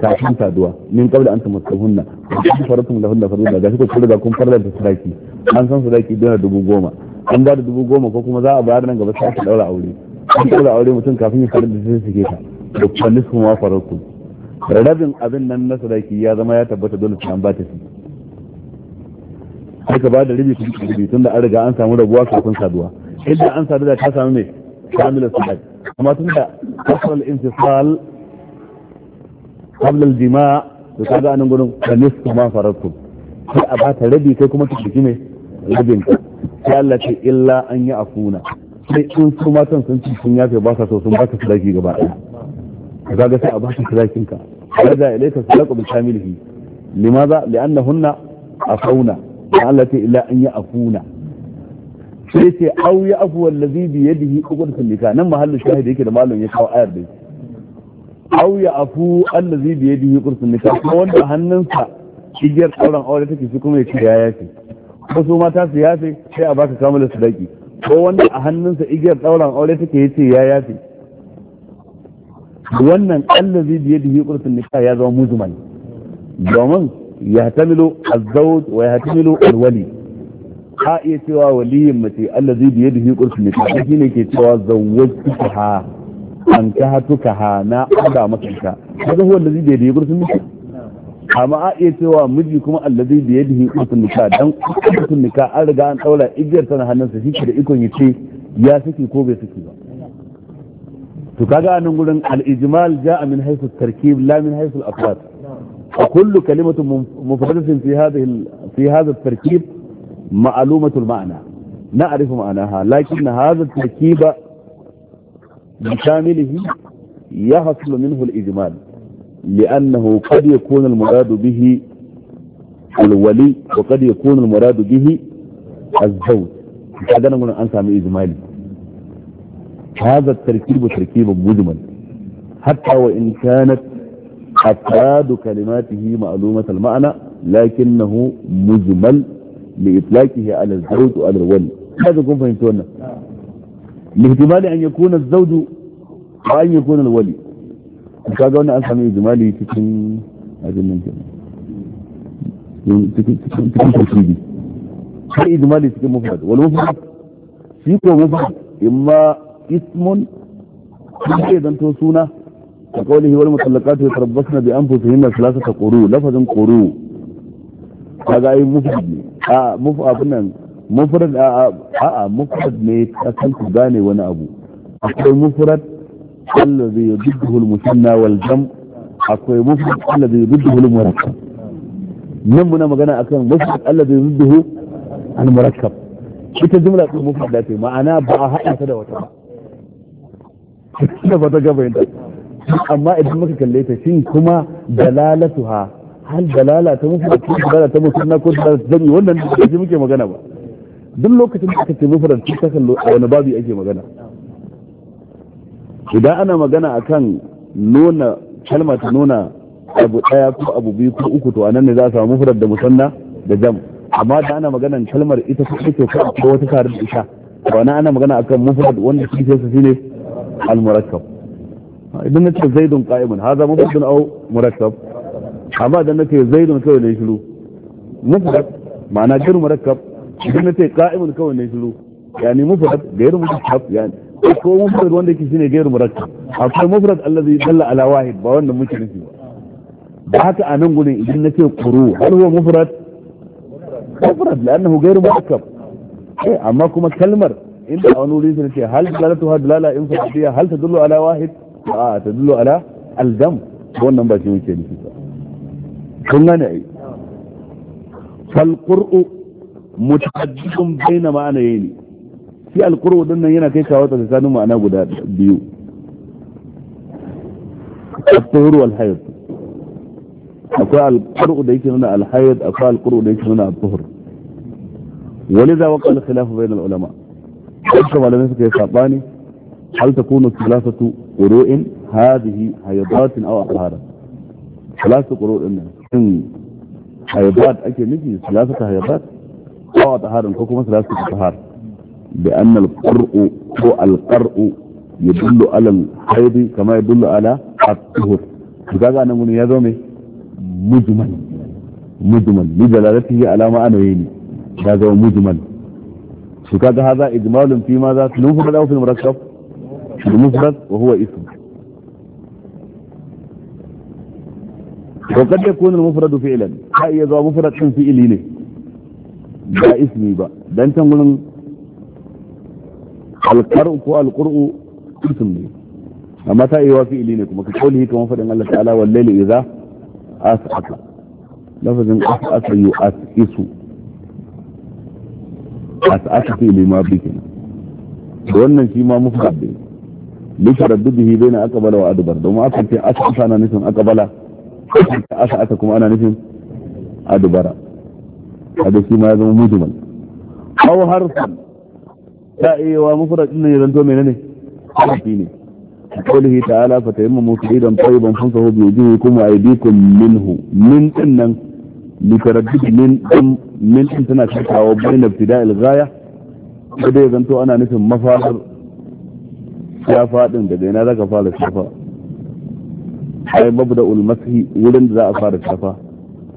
kafin saduwa min qabla an tamassuhunna kun faratum da hunna farilla gashi ko da kun farlanta sadaki an san sadaki dole dubu goma an ba da dubu goma ko kuma za a bayar nan gaba sai aka ɗaura aure an ɗaura aure mutum kafin ya farlanta sai sake ta da kwanis kuma faratum rabin abin nan na sadaki ya zama ya tabbata dole su an ba ta shi aka ba da rabi kuma, rabi tun da an riga an samu rabuwa kafin saduwa idan an sadu da ta samu mai kamil sadaki amma tun da kasral infisal qabla al-jima to kaga anan gurin da nisfu ma faratkum sai a ba ta rabi kai kuma ta ne mai rabin ka sai Allah ce illa an yi afuna sai in su matan sun ci sun yafe ba sa so sun ba ka sadaki gaba ɗaya kaga sai a bashi sadakin ka alaja ilayka sadaqu bi kamilihi limaza li'annahunna afuna ya Allah ta illa an ya afuna sai ce aw ya afu wallazi bi yadihi uqdatun nikah nan mahallu shahidi yake da malum ya kawo ayar dai aw ya afu allazi bi yadihi uqdatun nikah ko wanda hannunsa igiyar tsauran aure take shi kuma ya ce ko su mata su yafe sai a baka kamala sadaki ko wanda a hannunsa igiyar tsauran aure take ya ce ya yafe wannan allazi bi yadihi qurratun nikah ya zama muzman domin ya tamilu azzawj wa ya tamilu wali ha iya cewa waliyin mace allazi bi yadihi qurratun nikah shine ke cewa ha an ka ha na ada maka ita kaga huwa allazi bi yadihi qurratun nikah amma a iya cewa miji kuma allazi da yadihi qurtun nika dan qurtun nika an riga an daura igiyar tana hannunsa shi da ikon yace ya saki ko bai saki ba to kaga anan gurin al-ijmal jaa min haythu at-tarkib la وكل كلمة مفردة في هذه في هذا التركيب معلومة المعنى نعرف معناها لكن هذا التركيب بكامله يحصل منه الإجمال لأنه قد يكون المراد به الولي وقد يكون المراد به الزوج هذا نقول أنسى من إجمالي هذا التركيب تركيب مجمل حتى وإن كانت أفراد كلماته معلومة المعنى لكنه مجمل لإطلاقه على الزوج وعلى الولي هذا يكون فهمتونا لاحتمال أن يكون الزوج وأن يكون الولي kaga wannan an إجمالي تكن cikin abin nan تكن تركيبي tarkibi إجمالي تكن مفرد mufrad wal mufrad إما ismun duk zai zanto suna da kawai wal musallakatu ya tarabbas na bi an fusu hinna salasa ta ƙuru lafazin ƙuru kaga ai mufrad a muf abin nan mufrad a a mufrad ne kasan ku gane wani abu akwai mufrad allazi yudduhu al-musanna wal jam akwai mufrad allazi yudduhu al-murakkab nan muna magana akan mufrad allazi yudduhu al-murakkab ita jumla ta mufrad ce ma'ana ba a haɗa ta da wata ba (laughs) da ba ta gaba yadda. amma idan muka kalle ta shin kuma ha hal dalala ta da kuma dalala ta muku na ko da ta wannan da ji muke magana ba duk lokacin da aka ce mufrad shi ka kallo a wani babu ake magana idan ana magana akan nuna kalma ta nuna abu daya ko abu biyu ko uku to anan ne za a samu mufrad da musanna da jam amma da ana maganan kalmar ita ko ake ko wata tare da isha to anan ana magana akan mufrad wanda kike ke shine al-murakkab idan na ce zaidun haza amma idan na ce zaidun kawai shiru ma'ana idan na ce kawai ne ko wanda gairu akwai dalla ala ba wannan muke nufi ba haka a nan gudun idan na ce huwa gairu amma kuma kalmar إن أنو ليزن فيها هل دلالتها دلالة إنفق هل تدل على واحد آه تدل على الدم هو النمبر جميل كيني فيها كنا نعي فالقرء متحدث بين معنيين في القرء دلنا ينا كيكا وتسسان معنى قد بيو الطهر والحيض أقول القرء ديك هنا الحيض أقول القرء ديك هنا الطهر ولذا وقع الخلاف بين العلماء haka malamai suka yi sabani hal ta kuno thalathatu qurun hadihi hayadat aw ahara thalathatu qurun nan shin hayadat ake nufi thalathatu hayadat aw ahara ko kuma thalathatu tahar bi anna al-qur'u ko al-qur'u yadullu ala al-hayd kama yadullu ala at-tuhur kaga nan mun ya zo mai mujmal mujmal ni dalalatihi alama ma'anawi ne ya zo mujmal su kaga haza ijmalun fi ma za su nufu da ofin murakkab المفرد وهو اسم وقد يكون المفرد فعلا هاي يزوى مفرد كان فعلي ليه با اسمي با ده انت نقول القرء كو القرء اسم ليه اما تا ايوا فعلي ليه كما كقوله كما فدن الله تعالى والليل اذا اسعد لفظ اسعد يؤسس aka fi lima bikin da wannan shi ma muka abin lika raddubihi bai na akabala wa adubar domin aka ce asa asa ana nufin akabala asa asa kuma ana nufin adubara kaga shi ma ya zama mujmal aw harfan ta iya wa mufrad din ne zanto menene harfi ne qawlihi ta'ala fa tayammamu sa'idan tayyiban fansahu bi wujuhikum wa aydikum minhu min dinnan li taraddudi min din min din tana cikawa bayan ibtida al ghaya ko dai zanto ana nufin mafadar shafa din da ina zaka fara shafa ai mabda ul mashi wurin da za a fara shafa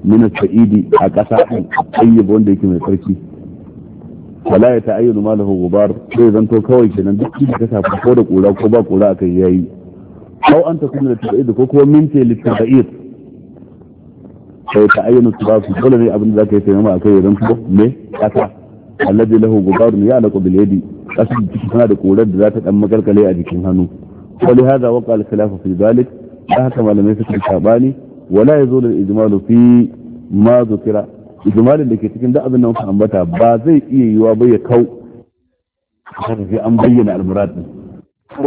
min sa'idi a kasa din tayyib wanda yake mai sarki wala ya ta'ayyunu ma lahu gubar sai zanto kawai kenan duk da ka shafa ko da kura ko ba kura akai yayi ko an kuma da tabi'id ko kuma min ce litaba'id sai ta ayyana su ba su dole ne abin da zaka yi a sayama akai yaran su me kasa alladhi lahu gubarun ya laqu bil yadi kasa ciki tana da korar da za ta dan magalkale a jikin hannu wani li hadha waqa al khilaf fi zalik da haka malamai suka tabani wala zo da ijmal fi ma kira. ijmalin da ke cikin da abin nan ka ambata ba zai iya yiwa ba ya kau haka sai an bayyana al murad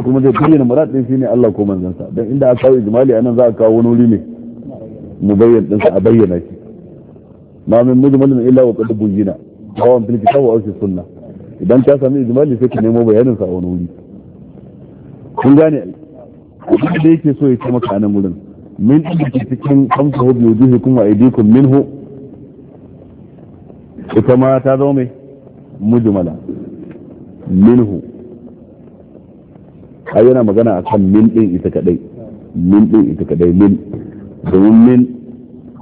kuma zai bayyana murad din shine Allah ko manzon don dan inda aka kawo a nan za a kawo wani wuri ne mubayyan ɗinsa a bayyana shi ma min mujmalin illa wa qad jina, kawan fil kitabi aw fi sunna idan ka sami ijmali sai ka nemo bayanin sa a wani wuri kun gane abin da yake so ya ce maka nan wurin min inda ke cikin kamsa hobi wujuhikum wa aydikum minhu ita ma ta zama mai mujmala minhu ai yana magana akan min din ita kadai min din ita kadai min domin min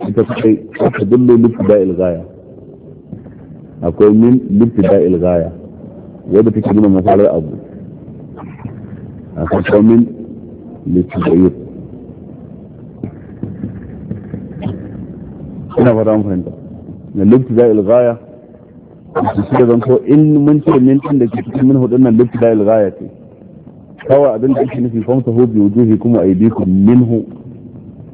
ita kai ta dillo lifida ilgaya akwai min da ilgaya wadda take nuna mafarar abu a kasar min lifida ina fata mun fahimta na lifida ilgaya su shi da zanto in mun ce mintin da ke cikin min hudun nan da ilgaya ce kawai abin da ake nufi famsa hobi wujuhi kuma a yi min hu.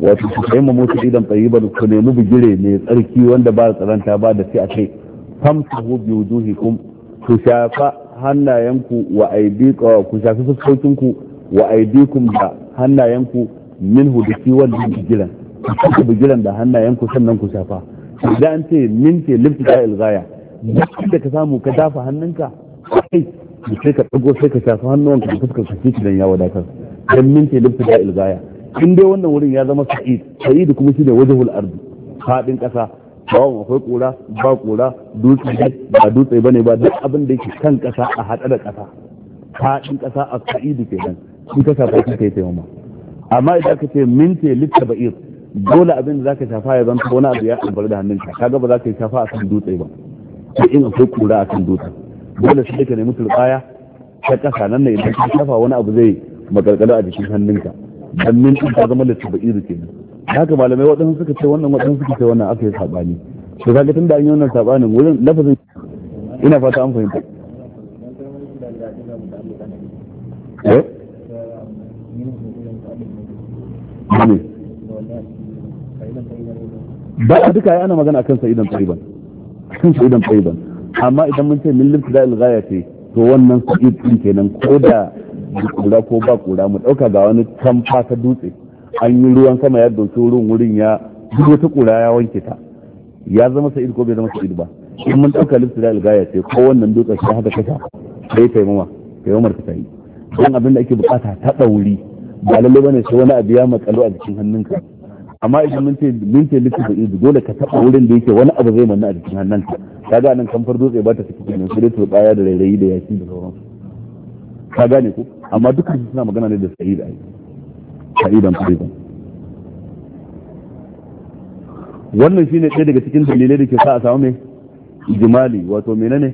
wato su kai mutu idan tsayibar ku nemi bigire mai tsarki wanda ba tsaranta ba da sai a kai famsahu bi wujuhikum ku shafa hannayenku wa aidikum ku shafi fuskokinku wa aidikum da hannayenku min hudaki wannan bigiran ku bigiran da hannayenku sannan ku shafa idan an ce min ce lifta ilgaya duk da ka samu ka dafa hannunka kai sai ka dago sai ka shafa hannuwanka da fuskar ka shi ya wadatar dan min ce lifta ilgaya in dai wannan wurin ya zama sa'id sa'id kuma shi waje wajhul ardi fadin kasa bawan akwai kura ba kura dutse ba dutse bane ba duk abin da yake kan kasa a hada da kasa fadin kasa a sa'id nan in ka shafa shi kai taimama amma idan aka ce minte littaba'ir dole abin da zaka shafa ya zanta wani abu ya albar da hannunka kaga ba za ka shafa kan dutse ba sai in akwai kura kan dutse dole sai ka nemi turbaya ta kasa nan ne idan ka shafa wani abu zai magalgalo a jikin hannunka dan min ta zama littafi da kenan haka malamai waɗansu suka ce wannan waɗansu suka ce wannan aka yi sabani to kaga tunda an yi wannan sabanin wurin lafazin ina fata an fahimta eh? ba a duka ana magana akan sa'idan tsayiban akan sa'idan tsayiban amma idan mun ce min limtida al-ghaya ce to wannan sa'id din kenan ko da ba kura ko ba kura mu dauka ga wani tamfa ta dutse an yi ruwan sama ya dauki wurin wurin ya duk wata kura ya wanke ta ya zama sa'id ko bai zama sa'id ba in mun dauka lissira algaya ce ko wannan dutse sai haka kasha sai taimama taimamar ta yi don abin da ake bukata ta dauri ba lalle bane sai wani abu ya matsalo a jikin hannunka amma idan mun ce mun ce da izu dole ka taɓa wurin da yake wani abu zai manna a jikin hannunka kaga nan kamfar dutse ba ta saki kenan sai dai turbaya da rairayi da yaki da sauransu ka gane ku, amma dukkan suna magana ne da sa'ida ai sa'idan faridan wannan shine ɗaya daga cikin dalilai da ke sa a samu me jimali wato menene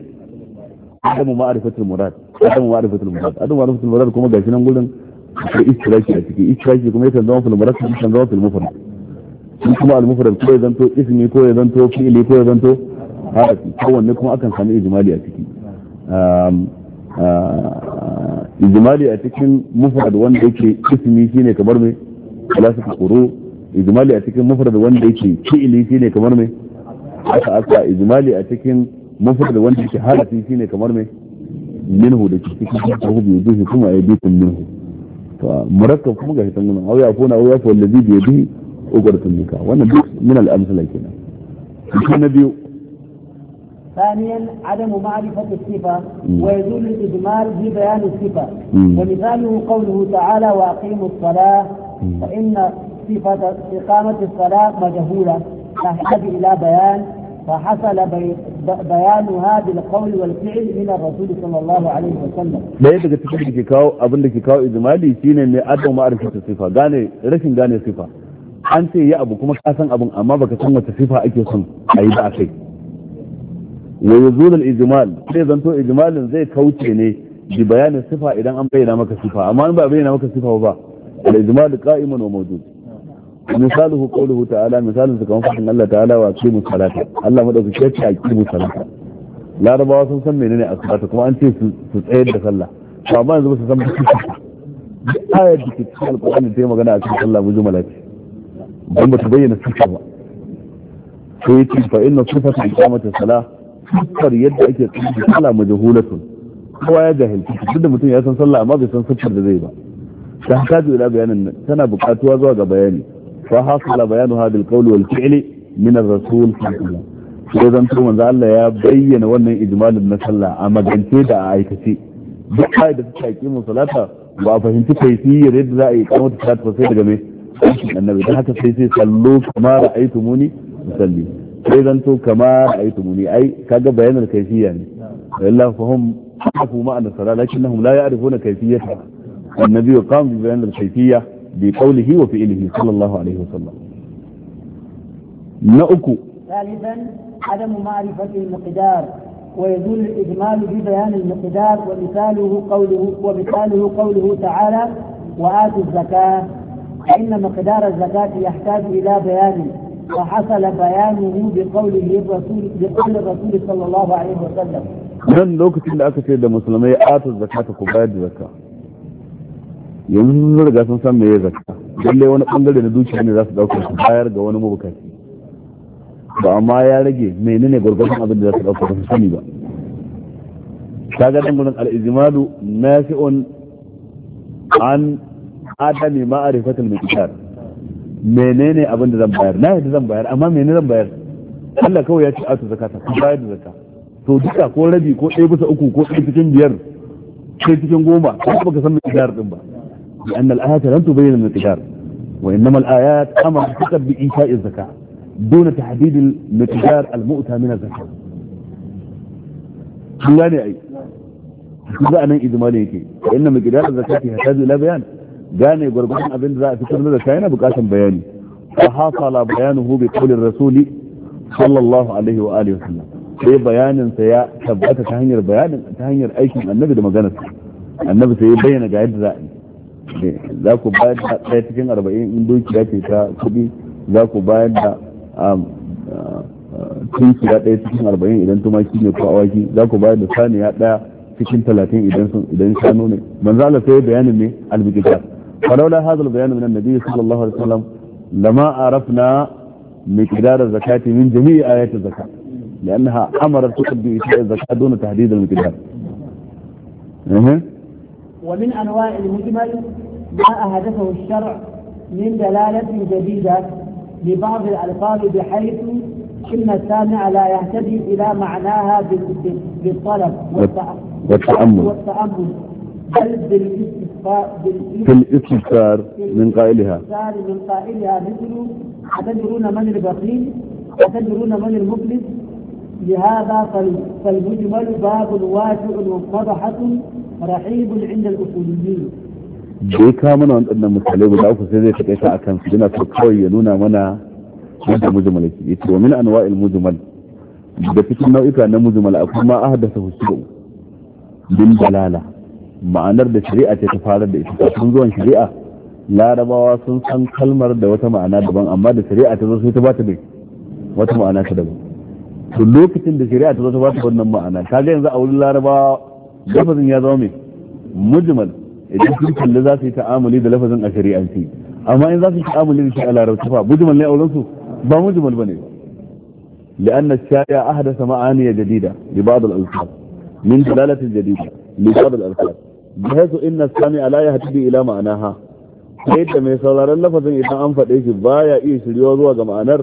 adamu ma'arifatul murad adamu ma'arifatul murad adamu ma'arifatul murad kuma gashi nan gurin akwai istiraki a ciki istiraki kuma yakan zama fil murad yakan zama fil mufrad shi kuma al mufrad ko ya zanto ismi ko ya zanto fi'li ko ya zanto harafi kowanne kuma akan sami ijmali a ciki ijmali a cikin mufrad wanda yake ismi shine kamar mai kalasu kuru ijmali a cikin mufrad wanda yake fi'ili shine kamar mai aka aka ijmali a cikin mufrad wanda yake harafi shine kamar mai minhu da cikin sahu bi zuhi kuma aydikum minhu to murakkab kuma ga hitan nan auya ko na auya ko allazi bi yadihi ugartun nika wannan duk min al-amsala kenan na biyu ثانيا عدم معرفة الصفة ويزول الإجمال في بيان الصفة ومثاله قوله تعالى وأقيموا الصلاة فإن صفة إقامة الصلاة مجهولة تحتاج إلى بيان فحصل بي bayanuha bil qawl wal fi'l min ar-rasul sallallahu alaihi wa sallam daya daga cikin da ke kawo abin da ke kawo ijmali shine ne adam ma'arifatu sifa gane rashin gane sifa an ce yi abu kuma ka san abin amma baka san wata sifa ake son ayi ba akai wa yazul al ijmal sai zanto ijmalin zai kauce ne bi bayanin sifa idan an bayyana maka sifa amma in ba bayyana maka sifa ba al ijmal qa'imun wa mawjud misaluhu qawluhu ta'ala misalin su kamar fadin Allah ta'ala wa aqimu salata Allah madaukaki ya ce aqimu salata larabawa sun san menene asibata kuma an ce su tsayar da sallah to amma yanzu ba su san ba duk ayar da ke cikin alƙur'ani ta yi magana a cikin sallah mujmala ce don ba ta bayyana sifa ba to yace fa inna sifata iqamati salah siffar yadda ake tsinci sallah majhulatun kowa ya jahilci duk da mutum ya san sallah amma bai san siffar da zai ba ta hakatu ila bayanin nan tana bukatuwa zuwa ga bayani fa hasala bayanu hadal qawli wal fi'li min ar-rasul sallallahu sai zan manzo Allah ya bayyana wannan ijmalin na sallah a magance da a aikace duk kai da suka yi mun salata ba a fahimci kaifiyar yadda za a yi kamar ta sai daga me annabi dan haka sai sai sallo kamar ra'aytumuni musalli sai zanto kama ra'aytu muni ai kaga bayanan kaifiya ne illa fahum afu ma'ana sara lakinnahum la ya'rifuna kaifiyata annabi qam bi bayan al-kayfiyya bi qawlihi wa fi'lihi sallallahu alaihi wasallam na uku ثالثا عدم معرفة المقدار ويدل الإجمال ببيان المقدار ومثاله قوله ومثاله قوله تعالى وآتوا الزكاة فإن مقدار الزكاة يحتاج إلى بيان وحصل بيانه بقوله الرسول بقول الرسول صلى الله عليه وسلم nan lokacin da aka ce da musulmai ata zakata ku bayar da zakka yanzu sun riga sun san meye zakka lalle wani bangare na dukiya ne za su dauka su bayar ga wani mabukaci ba amma ya rage menene gurgurdan abin da za su dauka su sani ba Ta ga dan gurin al izmalu nafi'un an adami ma'rifatul miqdar menene abin da zan bayar na yadda zan bayar amma menene zan bayar Allah kawai ya ce atu zakata ka bayar da zaka to duka ko rabi ko ɗaya bisa uku ko ɗaya cikin biyar ɗaya cikin goma ko baka san miqdar din ba bi anna al-ayata lan tubayyana miqdar wa innama al-ayat amr faqat bi isha'i zakka دون تحديد المقدار المؤتى من الزكاة شو يعني أي؟ هذا أنا إذا ما ليكي فإن مقدار الزكاة يحتاج إلى بيان gane gwargwadon abin da za a fitar na zakka yana bukatan bayani fa hasala bayanuhu bi qawli rasuli sallallahu alaihi wa alihi wasallam sai bayanin sa ya tabbata ta hanyar bayanin ta hanyar aikin annabi da maganar annabi sai ya bayyana ga yadda za a yi za ku bayar da ɗaya cikin arba'in in doki ya ce ta kuɗi za ku bayar da um, uh, uh, tunkiya ɗaya cikin arba'in idan tumaki ne ko awaki za ku bayar da saniya ɗaya cikin talatin idan shanu ne manzo Allah sai bayanin ne albiqat فلولا هذا البيان من النبي صلى الله عليه وسلم لما عرفنا مقدار الزكاة من جميع آيات الزكاة لأنها أمرت تقضي بإيتاء الزكاة دون تحديد المقدار ومن أنواع المجمل ما أهدفه الشرع من دلالة جديدة لبعض الألفاظ بحيث إن السامع لا يهتدي إلى معناها بالطلب والتأمل والتأمل في الاستفسار من قائلها من قائلها مثل أتدرون من البخيل أتدرون من المفلس لهذا فالمجمل باب واسع ومفضحة رحيب عند الأصوليين جيكا من أن أن مسلم لا أفسد ذلك إذا أكن سجنا تكوي نونا منا هذا مجمل يتوى من أنواع المجمل إذا في النوع إذا أن مجمل أكون ما أحدث في السوء من دلالة ma'anar da shari'a ce ta farar da ita kafin zuwan shari'a larabawa sun san kalmar da wata ma'ana daban amma da shari'a ta zo sai ta ba ta da wata ma'ana ta daban to lokacin da shari'a ta zo ta ba ta wannan ma'ana ta ga yanzu a wurin larabawa lafazin ya zama mai mujmal idan sun kalli za su yi ta'amuli da lafazin a shari'anci amma in za su yi ta'amuli da shi a larabci fa mujmal ne a wurin su ba mujmal bane ba لأن الشارع أحدث معاني جديدة لبعض الألفاظ من دلالة جديدة لبعض الألفاظ bihazu inna ala ya yahtadi ila ma'anaha yadda mai sauraron lafazin idan an faɗe shi baya iya shiryo zuwa ga ma'anar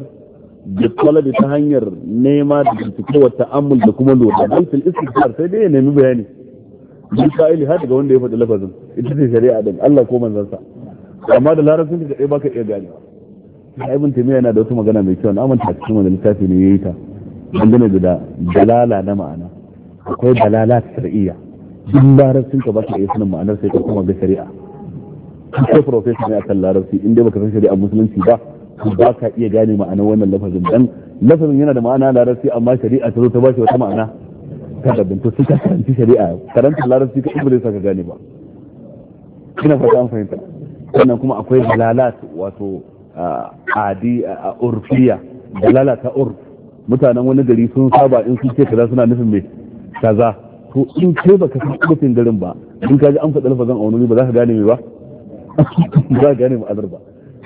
bi ta hanyar nema da bincike wa amul da kuma lura don fil istighfar sai dai ya nemi bayani bi har daga wanda ya faɗi lafazin ita ce shari'a ɗin Allah ko manzansa amma da larabcin da kai baka iya gane sai ibn yana da wata magana mai kyau na a cikin wani littafi ne ya yi ta dangane da dalala na ma'ana akwai dalala ta sar'iyya duk larabcin ka baka iya sanin ma'anar sai ka kuma ga shari'a kai professor ne akan larabci in dai baka san shari'a musulunci ba ba ka iya gane ma'anar wannan lafazin dan lafazin yana da ma'ana larabci amma shari'a ta zo ta ba shi wata ma'ana ka da to sai ka karanci shari'a karanta larabci ka iblis ka gane ba kina fata an fahimta sannan kuma akwai halalat wato adi a urfiya dalala ta urf mutanen wani gari sun saba in sun ce kaza suna nufin me kaza to in kai baka san kofin garin ba in ka ji an faɗa lafazan a wani ba za ka gane mai (laughs) ba za ka gane ma'azar ba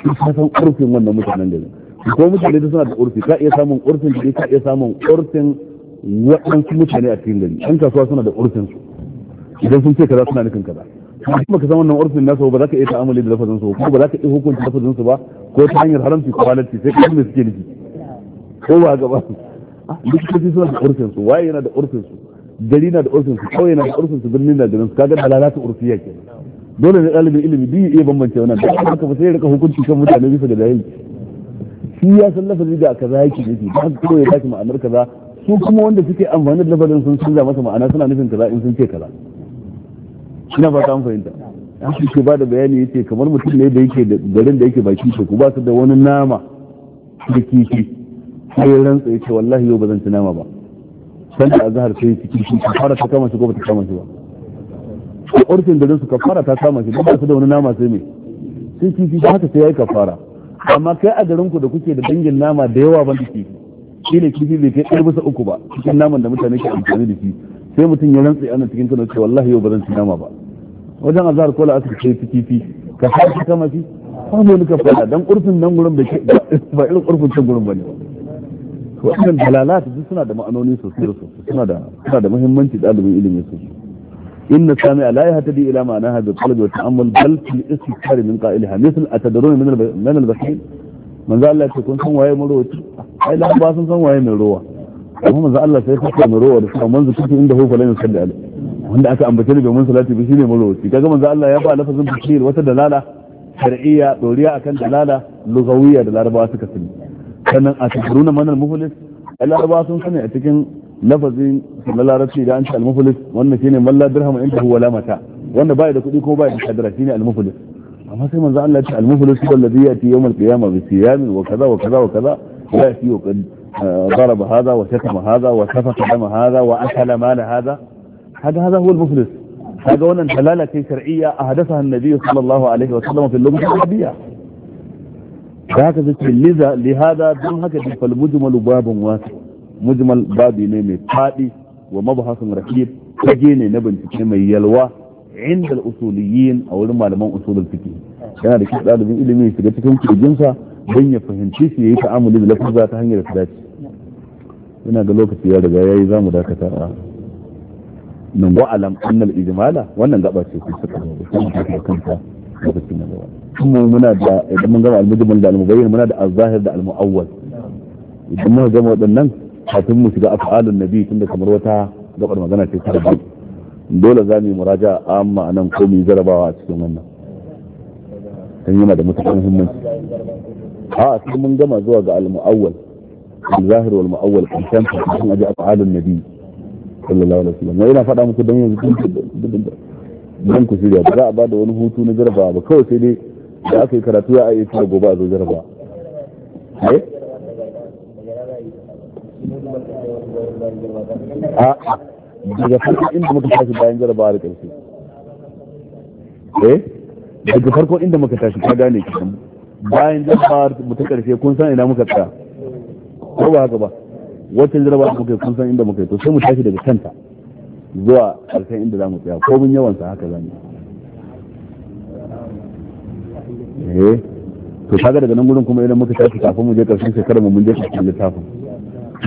ka san urfin wannan mutanen garin ko mutane da suna da urfi ka iya samun urfin da ka iya samun urfin waɗansu mutane a cikin gari ɗan kasuwa suna da urfin su idan sun ce kaza suna nufin kaza kuma ka san wannan urfin nasu ba za ka iya ta'amuli da lafazin su ko ba za ka iya hukunta lafazin su ba ko ta hanyar haramci ko halarci sai ka me suke nufi ko ba gaba likitoci suna da urfin su waye yana da urfin su gari na da urfin su kauye na da urfin su birnin na da garin su kaga lalata urfiya ke dole ne dalibin ilimi duk iya bambance wannan da haka ba sai rika hukunci kan mutane bisa ga jahilci shi ya san lafazin da kaza yake nufi da haka kawai ya tashi ma'anar kaza su kuma wanda suke amfani da lafazin sun canza masa ma'ana suna nufin kaza in sun ce kaza ina ba ta fahimta haka ke ba da bayani yace kamar mutum ne da yake da garin da yake baki shi ku ba su da wani nama da kifi sai rantsa yace wallahi yau ba zan ci nama ba sanda a zahar sai ciki shi fara ta kama shi ko ba ta kama shi ba a ƙorfin da su fara ta kama shi ba su da wani nama sai mai sai kifi ta haka sai ya yi fara amma kai a garin ku da kuke da dangin nama da yawa ban da shi ne kifi bai kai ɗarbisa uku ba cikin naman da mutane ke amfani da shi sai mutum ya rantsa ana cikin kano cewa wallahi yau ba zan ci nama ba wajen azhar ko la asir sai kifi ka fara ta kama shi ba mu ka fara dan ƙurfin nan gurin ba irin ƙurfin can gurin ba ne ba waɗannan dalalat duk suna da ma'anoni sosai da sosai suna da suna da muhimmanci dalibin ilimi sosai inna sami'a la yahtadi ila ma'anaha bi qalbi wa ta'ammul bal fil istikar min qa'ilha mithl atadruna min min al Man manzo Allah ce kun san waye marowaci ai la ba sun san waye mai rowa amma manzo Allah sai ka ce mai rowa da kuma manzo kuke inda hu falan salli alai wanda aka ambace ni bai mun salati bi shine marowaci kaga manzo Allah ya ba lafazin bashir wata dalala shar'iyya doriya akan dalala lugawiyya da larabawa suka sani sannan a takaruna manar muhulis al'arba sun sani a cikin lafazin na larabci da an ce al-muhulis wannan shine mallar dirham inda huwa la mata wanda bai da kuɗi ko bai da kadara shine al-muhulis amma sai manzo Allah ya ce al-muhulis huwa alladhi yati yawm al-qiyamah bi siyamin wa kaza wa kaza wa kaza la yati ضرب هذا وشتم هذا وسفك دم هذا واكل مال هذا هذا هذا هو المفلس هذا وانا حلالة شرعية احدثها النبي صلى الله عليه وسلم في اللغة العربية haka zace liza hada don haka da fal mujmal babun wasi mujmal babi ne mai fadi wa mabahasun rakib fage ne na bincike mai yalwa inda usuliyin a wurin malaman usulul fiqh yana da kyau dalibin ilimi shiga cikin sa don ya fahimci shi yayi ta'amuli da lafuzza ta hanyar sadaci ina ga lokaci ya riga yayi zamu dakata a nan alam annal ijmala wannan gaba ce ku suka kanta lokacin da kuma muna da idan mun gama almujmal da almubayyin muna da azahir da almuawwal idan muka gama waɗannan kafin mu shiga af'alun nabi tunda kamar wata gabar magana ce tarbi dole za mu yi muraja amma anan ko mu yi jarabawa a cikin wannan dan yana da matuƙar muhimmanci a sai mun gama zuwa ga almuawwal الظاهر والمؤول كان كان cikin aji af'al annabi sallallahu alaihi wasallam wai ina faɗa muku dan yanzu dan ku shirya ba za a ba da wani hutu na jarabawa ba kawai sai dai da aka yi karatu ya a yi tura gobe a zo jaraba eh? a daga farko inda muka tashi bayan jaraba da ƙarshe eh daga farko inda muka tashi ka gane kisan bayan jaraba mu ta ƙarshe kun san ina muka tsaya ko ba haka ba wacce jaraba muka kun san inda muka yi to sai mu tashi daga kanta zuwa ƙarshen inda za mu tsaya ko mun yawan sa haka zamu yi Eh, to kaga daga nan gurin kuma idan muka tashi kafin mu je karshen shekara mu mun je karshen littafin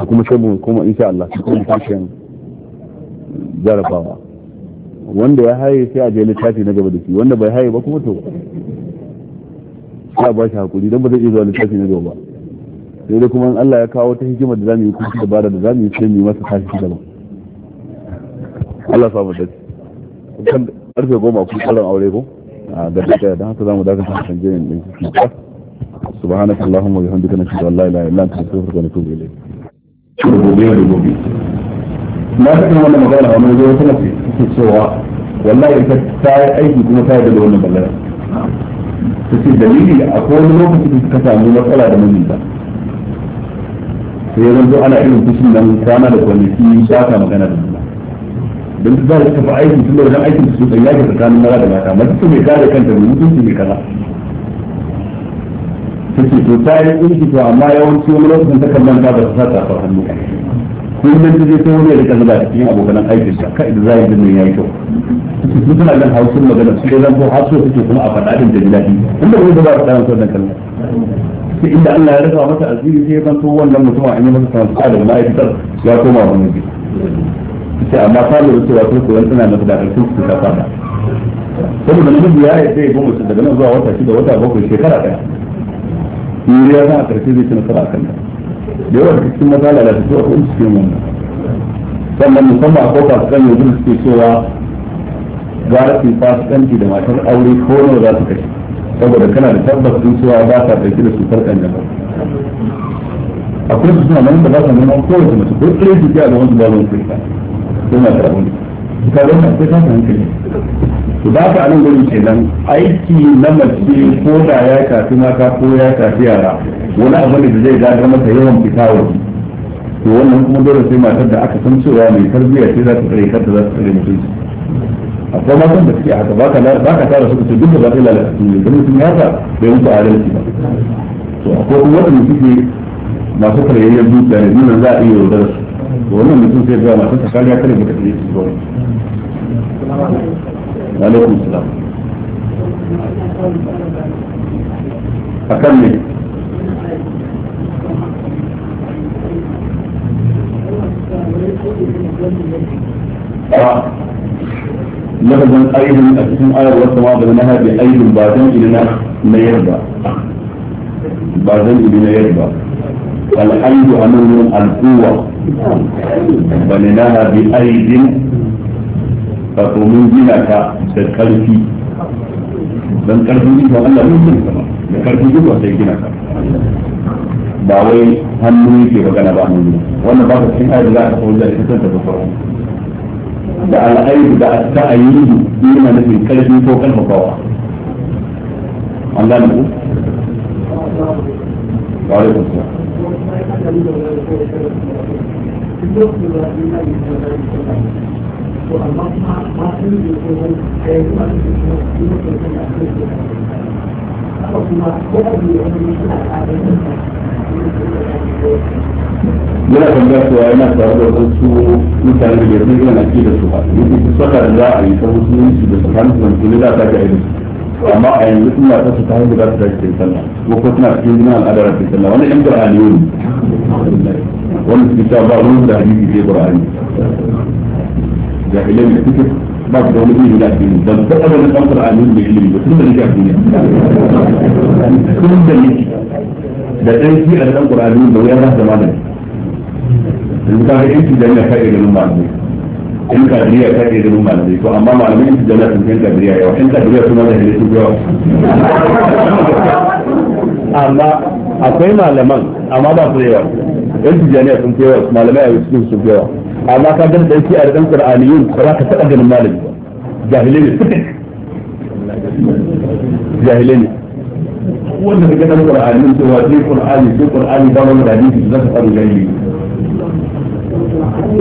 kuma sai mu kuma insha Allah sai mu tashi jarabawa wanda ya haye sai a je littafi na gaba da shi wanda bai haye ba kuma to sai a ba shi hakuri dan ba zai iya zuwa littafi na gaba ba sai dai kuma Allah ya kawo ta hikimar da zamu yi kuma da bada da zamu yi sai mu yi masa tashi ba Allah samu dace kan arfe goma ku kalan aure ko سبحانك اللهم وبحمدك نشهد ان لا اله الا انت نستغفرك ونتوب اليك. ما تكلم عن مجال هو من جوه في السوا والله انت تاعي اي كلمه تاعي اللي هو نبلغ تسي دليلي اقول لك انت تتكلم من مساله ده من انت في يوم انا علم تسمى من كان لك ولي في شاكه مكانه don su za su tafi aiki tun da wajen aikin su da yaki tsakanin maza da mata mace su mai kare kanta mai mutunci mai kaza ta ce to ta yi tsinki to amma yawanci wani lokacin ta kallon ta ba su sa tafar hannu kullum ta je sai wani ya rika zuba cikin abokan aikin ta kai da zai dinnan yayi kyau su suna nan hausun magana su dai zanto har so suke kuma a faɗa din da jiladi inda wani ba faɗa wannan wannan kallon sai inda Allah ya rasa masa asiri sai ya zanto wannan mutum a yi masa tsansa ma'aikatar ya koma wani gida sai amma ta lura cewa sun koyon tana na da ƙarfin su ta fada saboda namiji ya yi zai goma daga nan zuwa wata shida wata bakwai shekara ɗaya in ya zan a ƙarfi zai ci nasara a kanta da yawa da cikin maza lalata a ko cikin wannan sannan musamman a kofa kan yanzu da suke cewa gara su fasikanci da matar aure ko nawa za su kashe saboda kana da tabbas din cewa ba ka ɗauki da cutar a akwai su suna nan da ba su neman kowace mace ko ɗaya su ke a gaban su ba zan kai suna karɓar ka zo ka sai ka hankali to da ka anan gurin kenan aiki na mace ko da ya kafi maka ko ya kafi yara wani abu ne da zai gadar ta yawan fita waje to wannan kuma dole sai matar da aka san cewa mai tarbiyya ce za ta tsare kanta za ta tsare mutunci akwai matan da suke haka ba ka tara suka ce duk da ba ta lalata su ne don mutum ya sa bai mutu adalci ba to akwai kuma waɗanda suke masu karyayyar zuciya ne nuna za a iya yaudarar su to wannan mutum zai zuwa masu tsakani ya kare maka da yake zuwa alaikum salam akan ne lafazin aibin a cikin ayar wasu ma da naha bi aibin ba zan ina na yarda ba zan ina na yarda al'aibu a nan wurin al'uwa bane na bi aidin wato mun gina ta da karfi don karfin ikon Allah mun gina ta da karfin ikon sai gina ta ba wai hannu yake magana ba hannu wannan ba ka cikin aidin za ka fahimta ita kanta da farko da a da asta'ayyuhu yana nufin karfi ko karfafawa an gane ku wa alaikum salam yana tambaya cewa yana tare da wasu mutane da yarda yana ke da su ba yake su saka da za a yi ta musulunci da su hannu da su ne za a sake aiki amma a yanzu sun yasa su ta hanyar da za su tashi cikin sallah ko ko suna cikin jina al'adar cikin sallah wani yan qur'ani ne wani suke cewa ba wani da hadisi ke qur'ani jahilai ne suke ba su da wani ilimi da addini da su taɓa wani ɗan qur'ani ne ilimi ba tun da nake addini tun da nake da ɗan shi a ɗan qur'ani da wani ya zama da yanzu ka ga yanki da yana kai da lumba ne in kadiriya ta ke ganin malamai to amma malamai su jami'a sun yan kadiriya yawa in kadiriya suna da halittu yawa amma akwai malaman amma ba su yawa yan tijaniya sun fi yawa malamai a yusuf sun fi yawa amma ka gani dan shi'ar dan qur'aniyun ba za ka taɓa ganin malami ba jahilai ne fitik jahilai ne wanda ka ga dan qur'aniyun to wa sai qur'ani sai qur'ani ba wani hadisi da za ka samu jahilai sai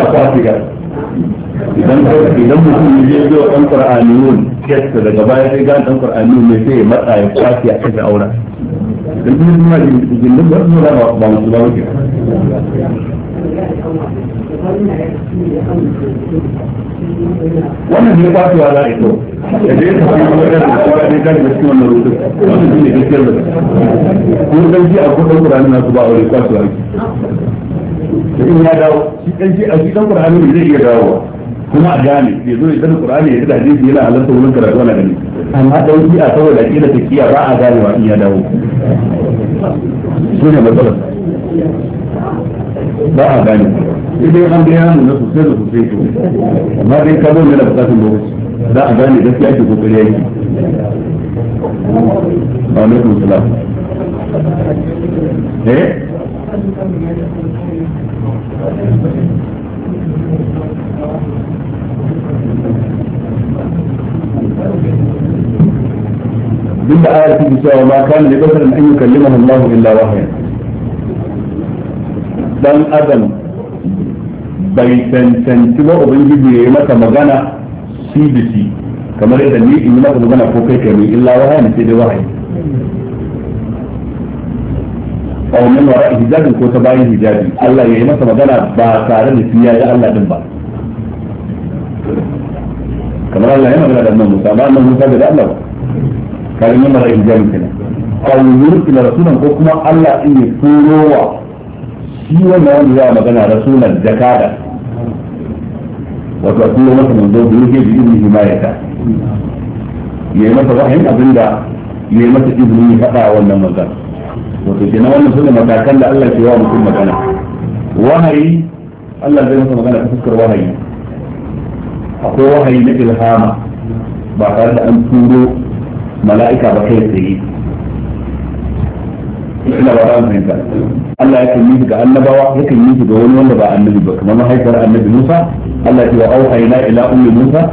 a kwafi ga idan mutum ya je wa ɗan ƙar'aniyun kyasta daga baya sai gan ɗan ƙar'aniyun mai sai ya matsa ya kwafi a cikin aura idan kuma suna da ba su ba musu ba wannan ne za a yi ito da dai ta fi wani da su ba dai kan da cikin wannan rutun wannan shi ne gaskiyar da ko dan shi a kudin kurani na su ba aure kwasu wa da in ya dawo shi dan shi a shi dan ne zai iya dawowa kuma a gane bai zo ya dan kurani ya da hadisi yana halarta wurin karatu ana gani amma dan shi a saboda kila ta kiya ba a ganewa in ya dawo shi ne matsalar ba a gane sai an biya mu na sosai da sosai amma dai ka zo da bukatun lokaci za a gane gaskiya ake kokari yake alaikum salam eh duk da ayar take cewa ma kana da basar an yi kallima Allah illa wahaya dan adam bai cancanci ba ubangiji ya yi maka magana shi da shi kamar yadda ni in yi maka magana ko kai kai mai illa wahayi ne sai dai wahayi a wannan wara hijabin ko ta bayan hijabi Allah ya yi masa magana ba tare da shi ya yi Allah din ba kamar Allah ya magana da annabi Musa ba annabi Musa da Allah ba kalin yin mara hijabin kenan kawunin ila rasulan ko kuma Allah in ya turo wa shi wannan wanda za magana rasulan jakada wato a kuma masa manzo da yake bi izini ma ya ta ya yi masa wahayin abin da ya yi masa izini ya faɗa wannan manzan wato kenan wannan sune matakan da Allah ke wa mutum magana wahayi Allah zai masa magana ta fuskar wahayi akwai wahayi na ilhama ba tare da an turo mala'ika ba kai tsaye ina ba ran fahimta Allah ya kan yi ga annabawa ya kan yi ga wani wanda ba annabi ba kamar mahaifar annabi Musa التي وأوحينا إلى أم موسى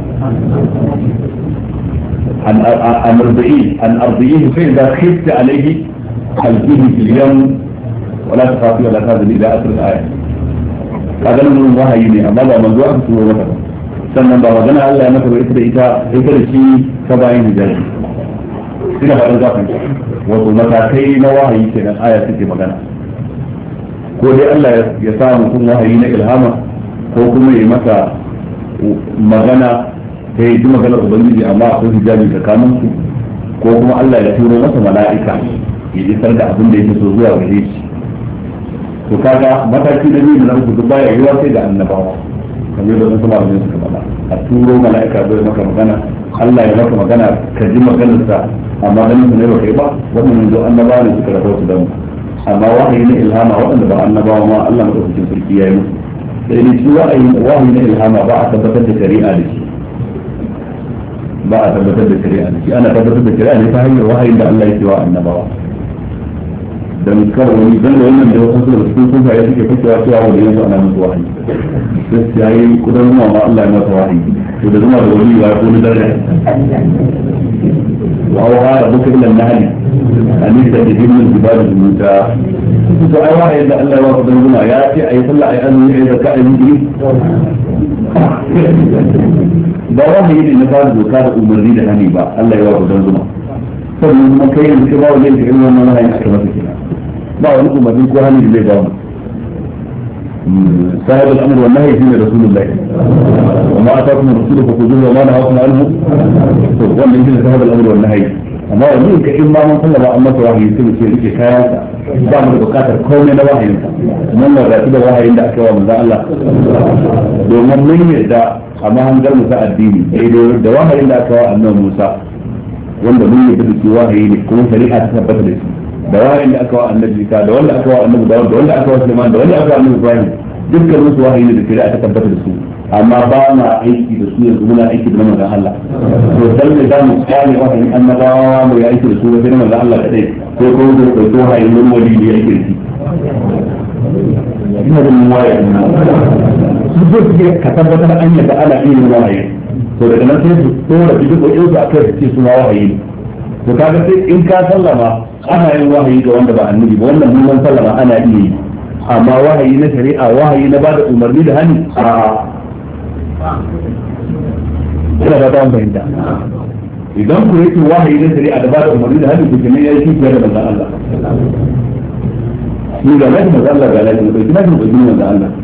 أن أرضئيه أن أرضئيه فإذا خفت عليه ألقيه في اليوم ولا تخافي ولا تهزمي إذا أتى الآية هذا من الله يني أبدا من جوع في سورة مكة سنة بعدنا الله نكر إثر إثر إثر شيء سبعين جاي سنة بعد جوع وضو مكاكي نواهي سنة آية ستة مكانا كل الله يسامح الله يني إلهامه ko kuma ya masa magana ta yi magana ubangiji amma akwai hijabi tsakanin su ko kuma Allah ya turo masa mala'ika ya isar da abin da yake so zuwa gare shi to kaga mataki na biyu na uku baya yiwa sai da annabawa kamar da wasu malamai suka faɗa a turo mala'ika zai maka magana Allah ya maka magana ka ji maganarsa amma ganin su ne ba kai ba wannan zo annabawa ne suka rahoto da mu amma wahayi na ilhama waɗanda ba annabawa ma Allah madaukakin sarki ya yi musu sai shi wahayi na ilhama ba a tabbatar da shari'a da shi ba a tabbatar da shari'a da shi ana tabbatar da shari'a ne ta hanyar wahayin da Allah ya ce wa annabawa dan kar wani dan da wannan da wasu da su sun ya suke fitowa cewa wani yanzu ana musu wahayi sai ya yi kudan zuma ma Allah ya masa wahayi to da zuma da wani ya ko na dare wa wa rabbuka ila nahli أليس بهم الجبال الموتى فأي واحد إلا ألا يوافق بينهما ياتي أي صلى أي أن يعيد كائن به بواه يدي نفاذ وكاد أمرني لهني با ألا يوافق بينهما sannan kuma kai yanzu ba wani yanzu irin wannan ra'ayin aka masa kenan ba wani umarni ko hannun da zai ba mu صاحب الامر والنهي فيما رسول الله وما اتاكم الرسول فخذوه وما نهاكم عنه طيب، ومن صاحب الامر والنهي amma yanzu ka in ba mun ba an masa wahayi su mu ce rike kayansa ba mu da bukatar komai na ta mun wadatu da wahayin da aka wa manzo Allah domin mun yarda a mahangar mu ta addini daidai da wahayin da aka wa annabi Musa wanda mun yarda da shi wahayi ne kuma shari'a ta tabbata da shi da wahayin da aka wa annabi Isa da wanda aka wa annabi da wanda aka wa Sulaiman da wanda aka wa annabi Ibrahim dukkan musu wahayi ne da shari'a ta tabbata da su amma ba na aiki da su yanzu muna aiki da manzon Allah to dan da zamu kare wa in annabawa mu yi aiki da su wajen manzon Allah kadai ko ko da ko ko hayi mun wali ne yake shi ina da muwaye na su ko suke ka tabbatar an yadda ana yin wahayi to daga nan sai su tsora su ko yau da kai su suna wahayi to kaga sai in ka sallama ana yin wahayi ga wanda ba annabi ba wannan mun sallama ana iya yi amma wahayi na shari'a wahayi na bada umarni da hani a ina ba ta fahimta idan ku yake wahayi na a da ba da umarni da hannun kuke ne ya yi fiye da manzan Allah ni ga lafi manzan Allah ga lafi bai kina da umarni manzan Allah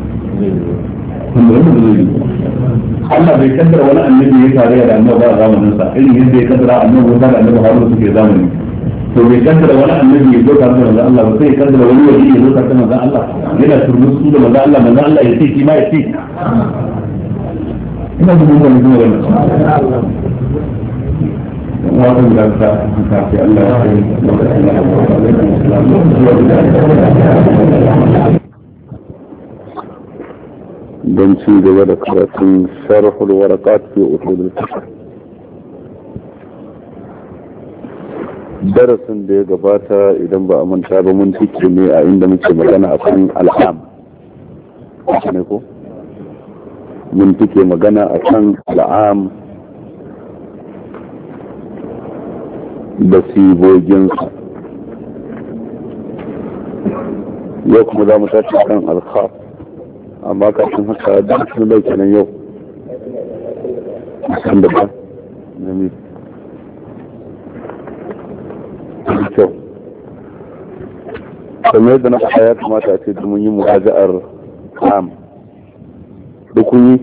kun da mu zai Allah bai kaddara wani annabi ya tare da annabi ba zamanin sa irin yadda ya kaddara annabi ba da annabi Harun suke zamani to bai kaddara wani annabi ya zo tare da manzan Allah ba sai kaddara wani ya zo tare da manzan Allah yana da manzan Allah manzan Allah ya ce shi ma ya ce ina da mun gani zuwa wannan wato da ta haka sai Allah don ci gaba da karatun sharhul warakat fi usulul fiqh darasin da ya gabata idan ba a manta ba mun tike ne a inda muke magana a akan al'am ne ko mun take magana a kan al'am da siboginsa yau kuma za mu tashi kan alkhaf amma kafin haka da sun bai kenan yau kan da ba mi kyau kamar yadda na haya kamata a ce domin yi mu'aza'ar am dukun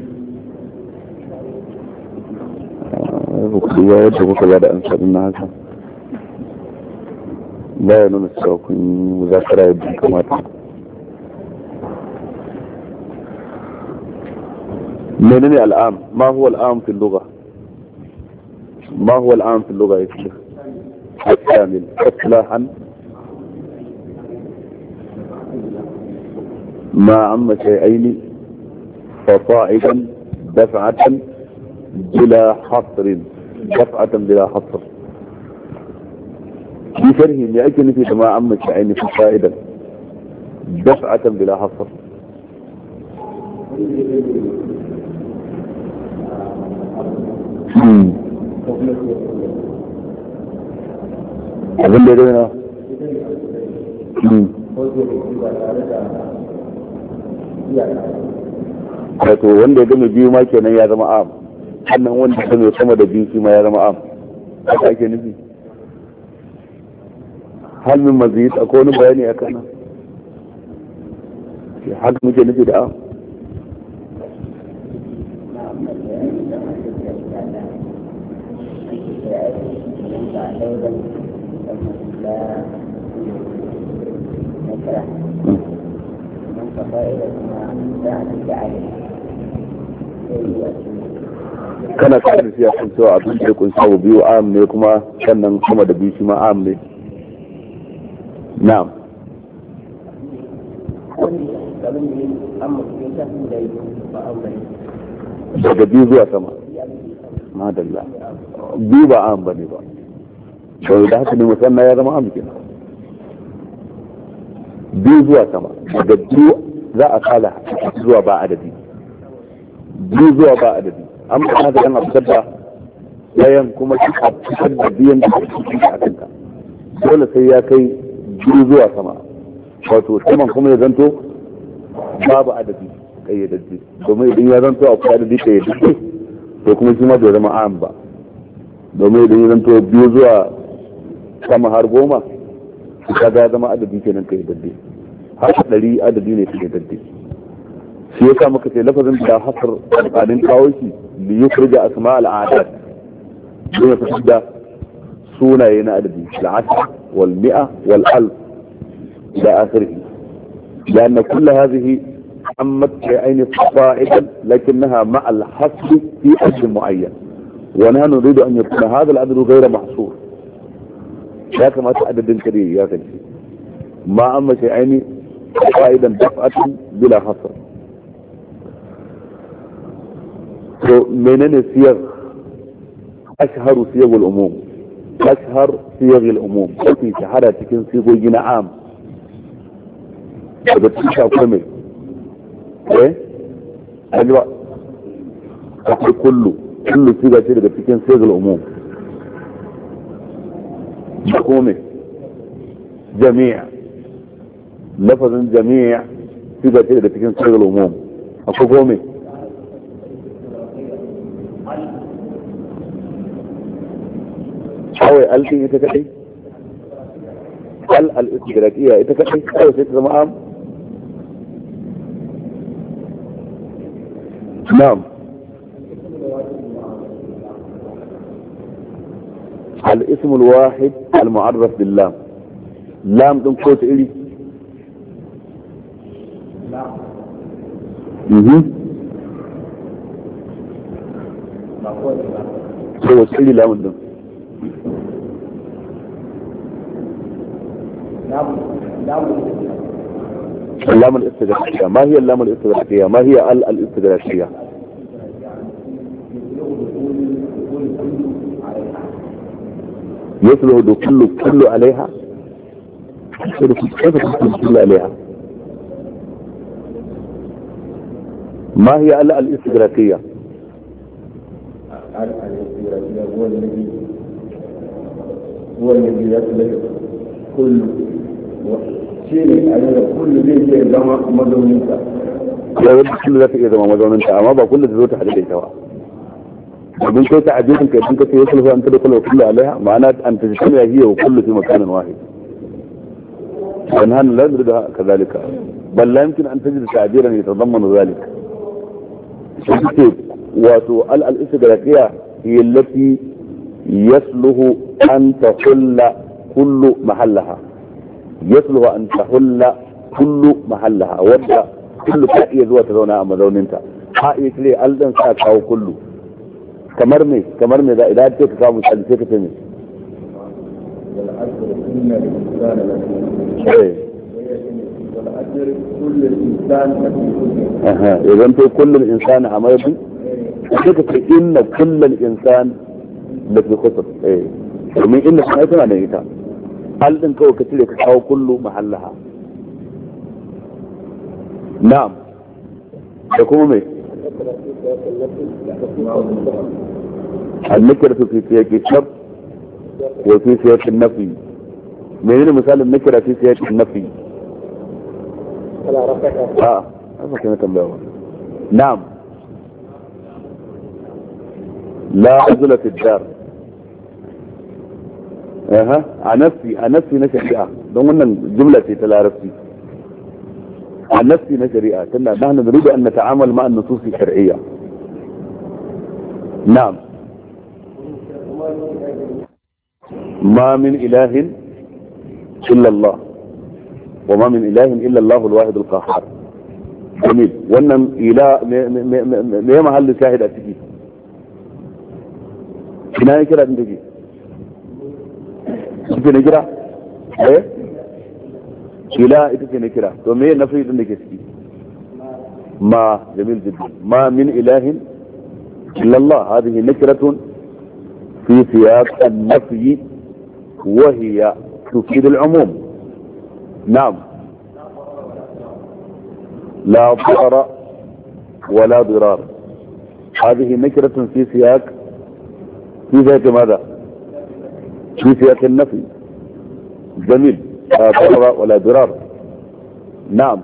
yi ya yadda kuka ba da an sabi na haka ba ya nuna cewa kun yi muzakara yadda kamata menene al'am ma huwa al'am fi lugha ما هو الآن في اللغة يا شيخ الكامل إصلاحا ما عم شيئين فصاعدا دفعة بلا حصر دفعة بلا حصر في شرح لأجل في جماعة عمك شعين في فائدة دفعة بلا حصر abin da ya wato wanda ya gama biyu ma kenan ya zama am sannan wanda ya game sama da biyu ma ya zama am haka ake nufi hal mazi mazid akwai wani bayani a akan nan haka muke nufi da am Thank hmm. you. kana kada shi ya san cewa abin da ya sabu biyu am ne kuma sannan sama da biyu shi ma am ne na'am daga biyu zuwa sama madalla biyu ba am bane ba to da haka ne musamman ya zama am kenan biyu zuwa sama daga biyu za a kala zuwa ba adadi biyu zuwa ba adadi an ba da yana fitar da yayan kuma shi a cikin da biyan da ake cikin a kanka dole sai ya kai biyu zuwa sama wato saman kuma ya zanto babu adadi kayyadaddi domin idan ya zanto akwai adadi kayyadaddi to kuma shi ma bai zama an ba domin idan ya zanto biyu zuwa sama har goma kaga ya zama adadi kenan kayyadaddi har ɗari adadi ne kayyadaddi shi yasa muka ce lafazin da hasar alƙalin kawo shi li yukhrija asma al a'dad don ta fidda sunaye na adadi al-asr wal mi'a wal alf da akhirih لأن كل هذه عمت بعين صفائدا لكنها مع الحصر في حد معين ونحن نريد أن يكون هذا العدد غير محصور ya kamata adadin kare ya kace ma amma sai aini fa'idan daf'atun bila hasr منين السياغ اشهر سياغ الاموم اشهر سياغ الاموم قلت في شهرة تكن سياغ الجنة عام اذا تشعر كمي ايه اجواء اقول كله كله سياغ شرق تكن سياغ الاموم يقومي جميع لفظا جميع سياغ شرق تكن سياغ الاموم اقول كومي الدين يتكحي هل الاستدراكية يتكحي أو ست المعام نعم الاسم الواحد المعرف باللام لام دم قوت إلي نعم نعم قوت إلي لام دم اللام الاستدراكية ما هي اللام الاستدراكية ما هي ال الاستدراكية يصله دخل كل عليها كيف تدخل كل عليها ما هي ال الاستدراكية ال الاستدراكية هو الذي هو الذي يصله كل shi ne a da kullu zai je zama mazauninsa ya zama kullu za ta iya zama mazauninta amma ba kullu da zo ta haɗu da ita ba abin kai ta ajiyin ka idan ka ce ya kullu an tada kullu kullu alaiha ma'ana an ta shi ya hiya kullu fi makanin wahid dan han la yadda kazalika bal la yumkin an tajid ta'biran yatadammanu zalik shi wato al al istigraqiya hiya allati yasluhu an tahulla kullu mahallaha يطلب أن تحل كل محلها وضع كل كائية ذوات ذونا أما ذون انت حائية لي ألدن ساك أو كله كمرمي كمرمي إيه. إذا إذا أدتك كامو سألتك تنس والعزر كل الإنسان لكي والعزر كل الإنسان لكي كل الإنسان أما يبي إن كل الإنسان لكي خطر إيه رمي إن سمعتنا نيتا هل din kawai او cire محلها نعم kullu mahallaha النكرة في سياق الشر وفي سياق النفي هنا مثال النكرة في سياق النفي اه نعم لا عزلة الدار aha a nafsi a nafsi na shari'a don wannan jumla ce ta larabci a nafsi na shari'a tana nahnu nuridu an nata'amal ma'a an-nusus shar'iyya na'am ma min ilahin illa Allah wa ma min ilahin illa Allah al-wahid al-qahhar jamil wannan ila me me me me mahallin shahida ciki ina ne kira din take ita na kira eh ila ita ce na kira to me na fi din da ke ciki ma jamil jiddi ma min ilahin illa Allah hadhihi nakratun fi siyaq an-nafy wa hiya tufid al-umum na'am la ضرر ولا ضرار هذه نكرة في سياق في ذات ماذا في سياق النفي جميل ضرر ولا ضرار نعم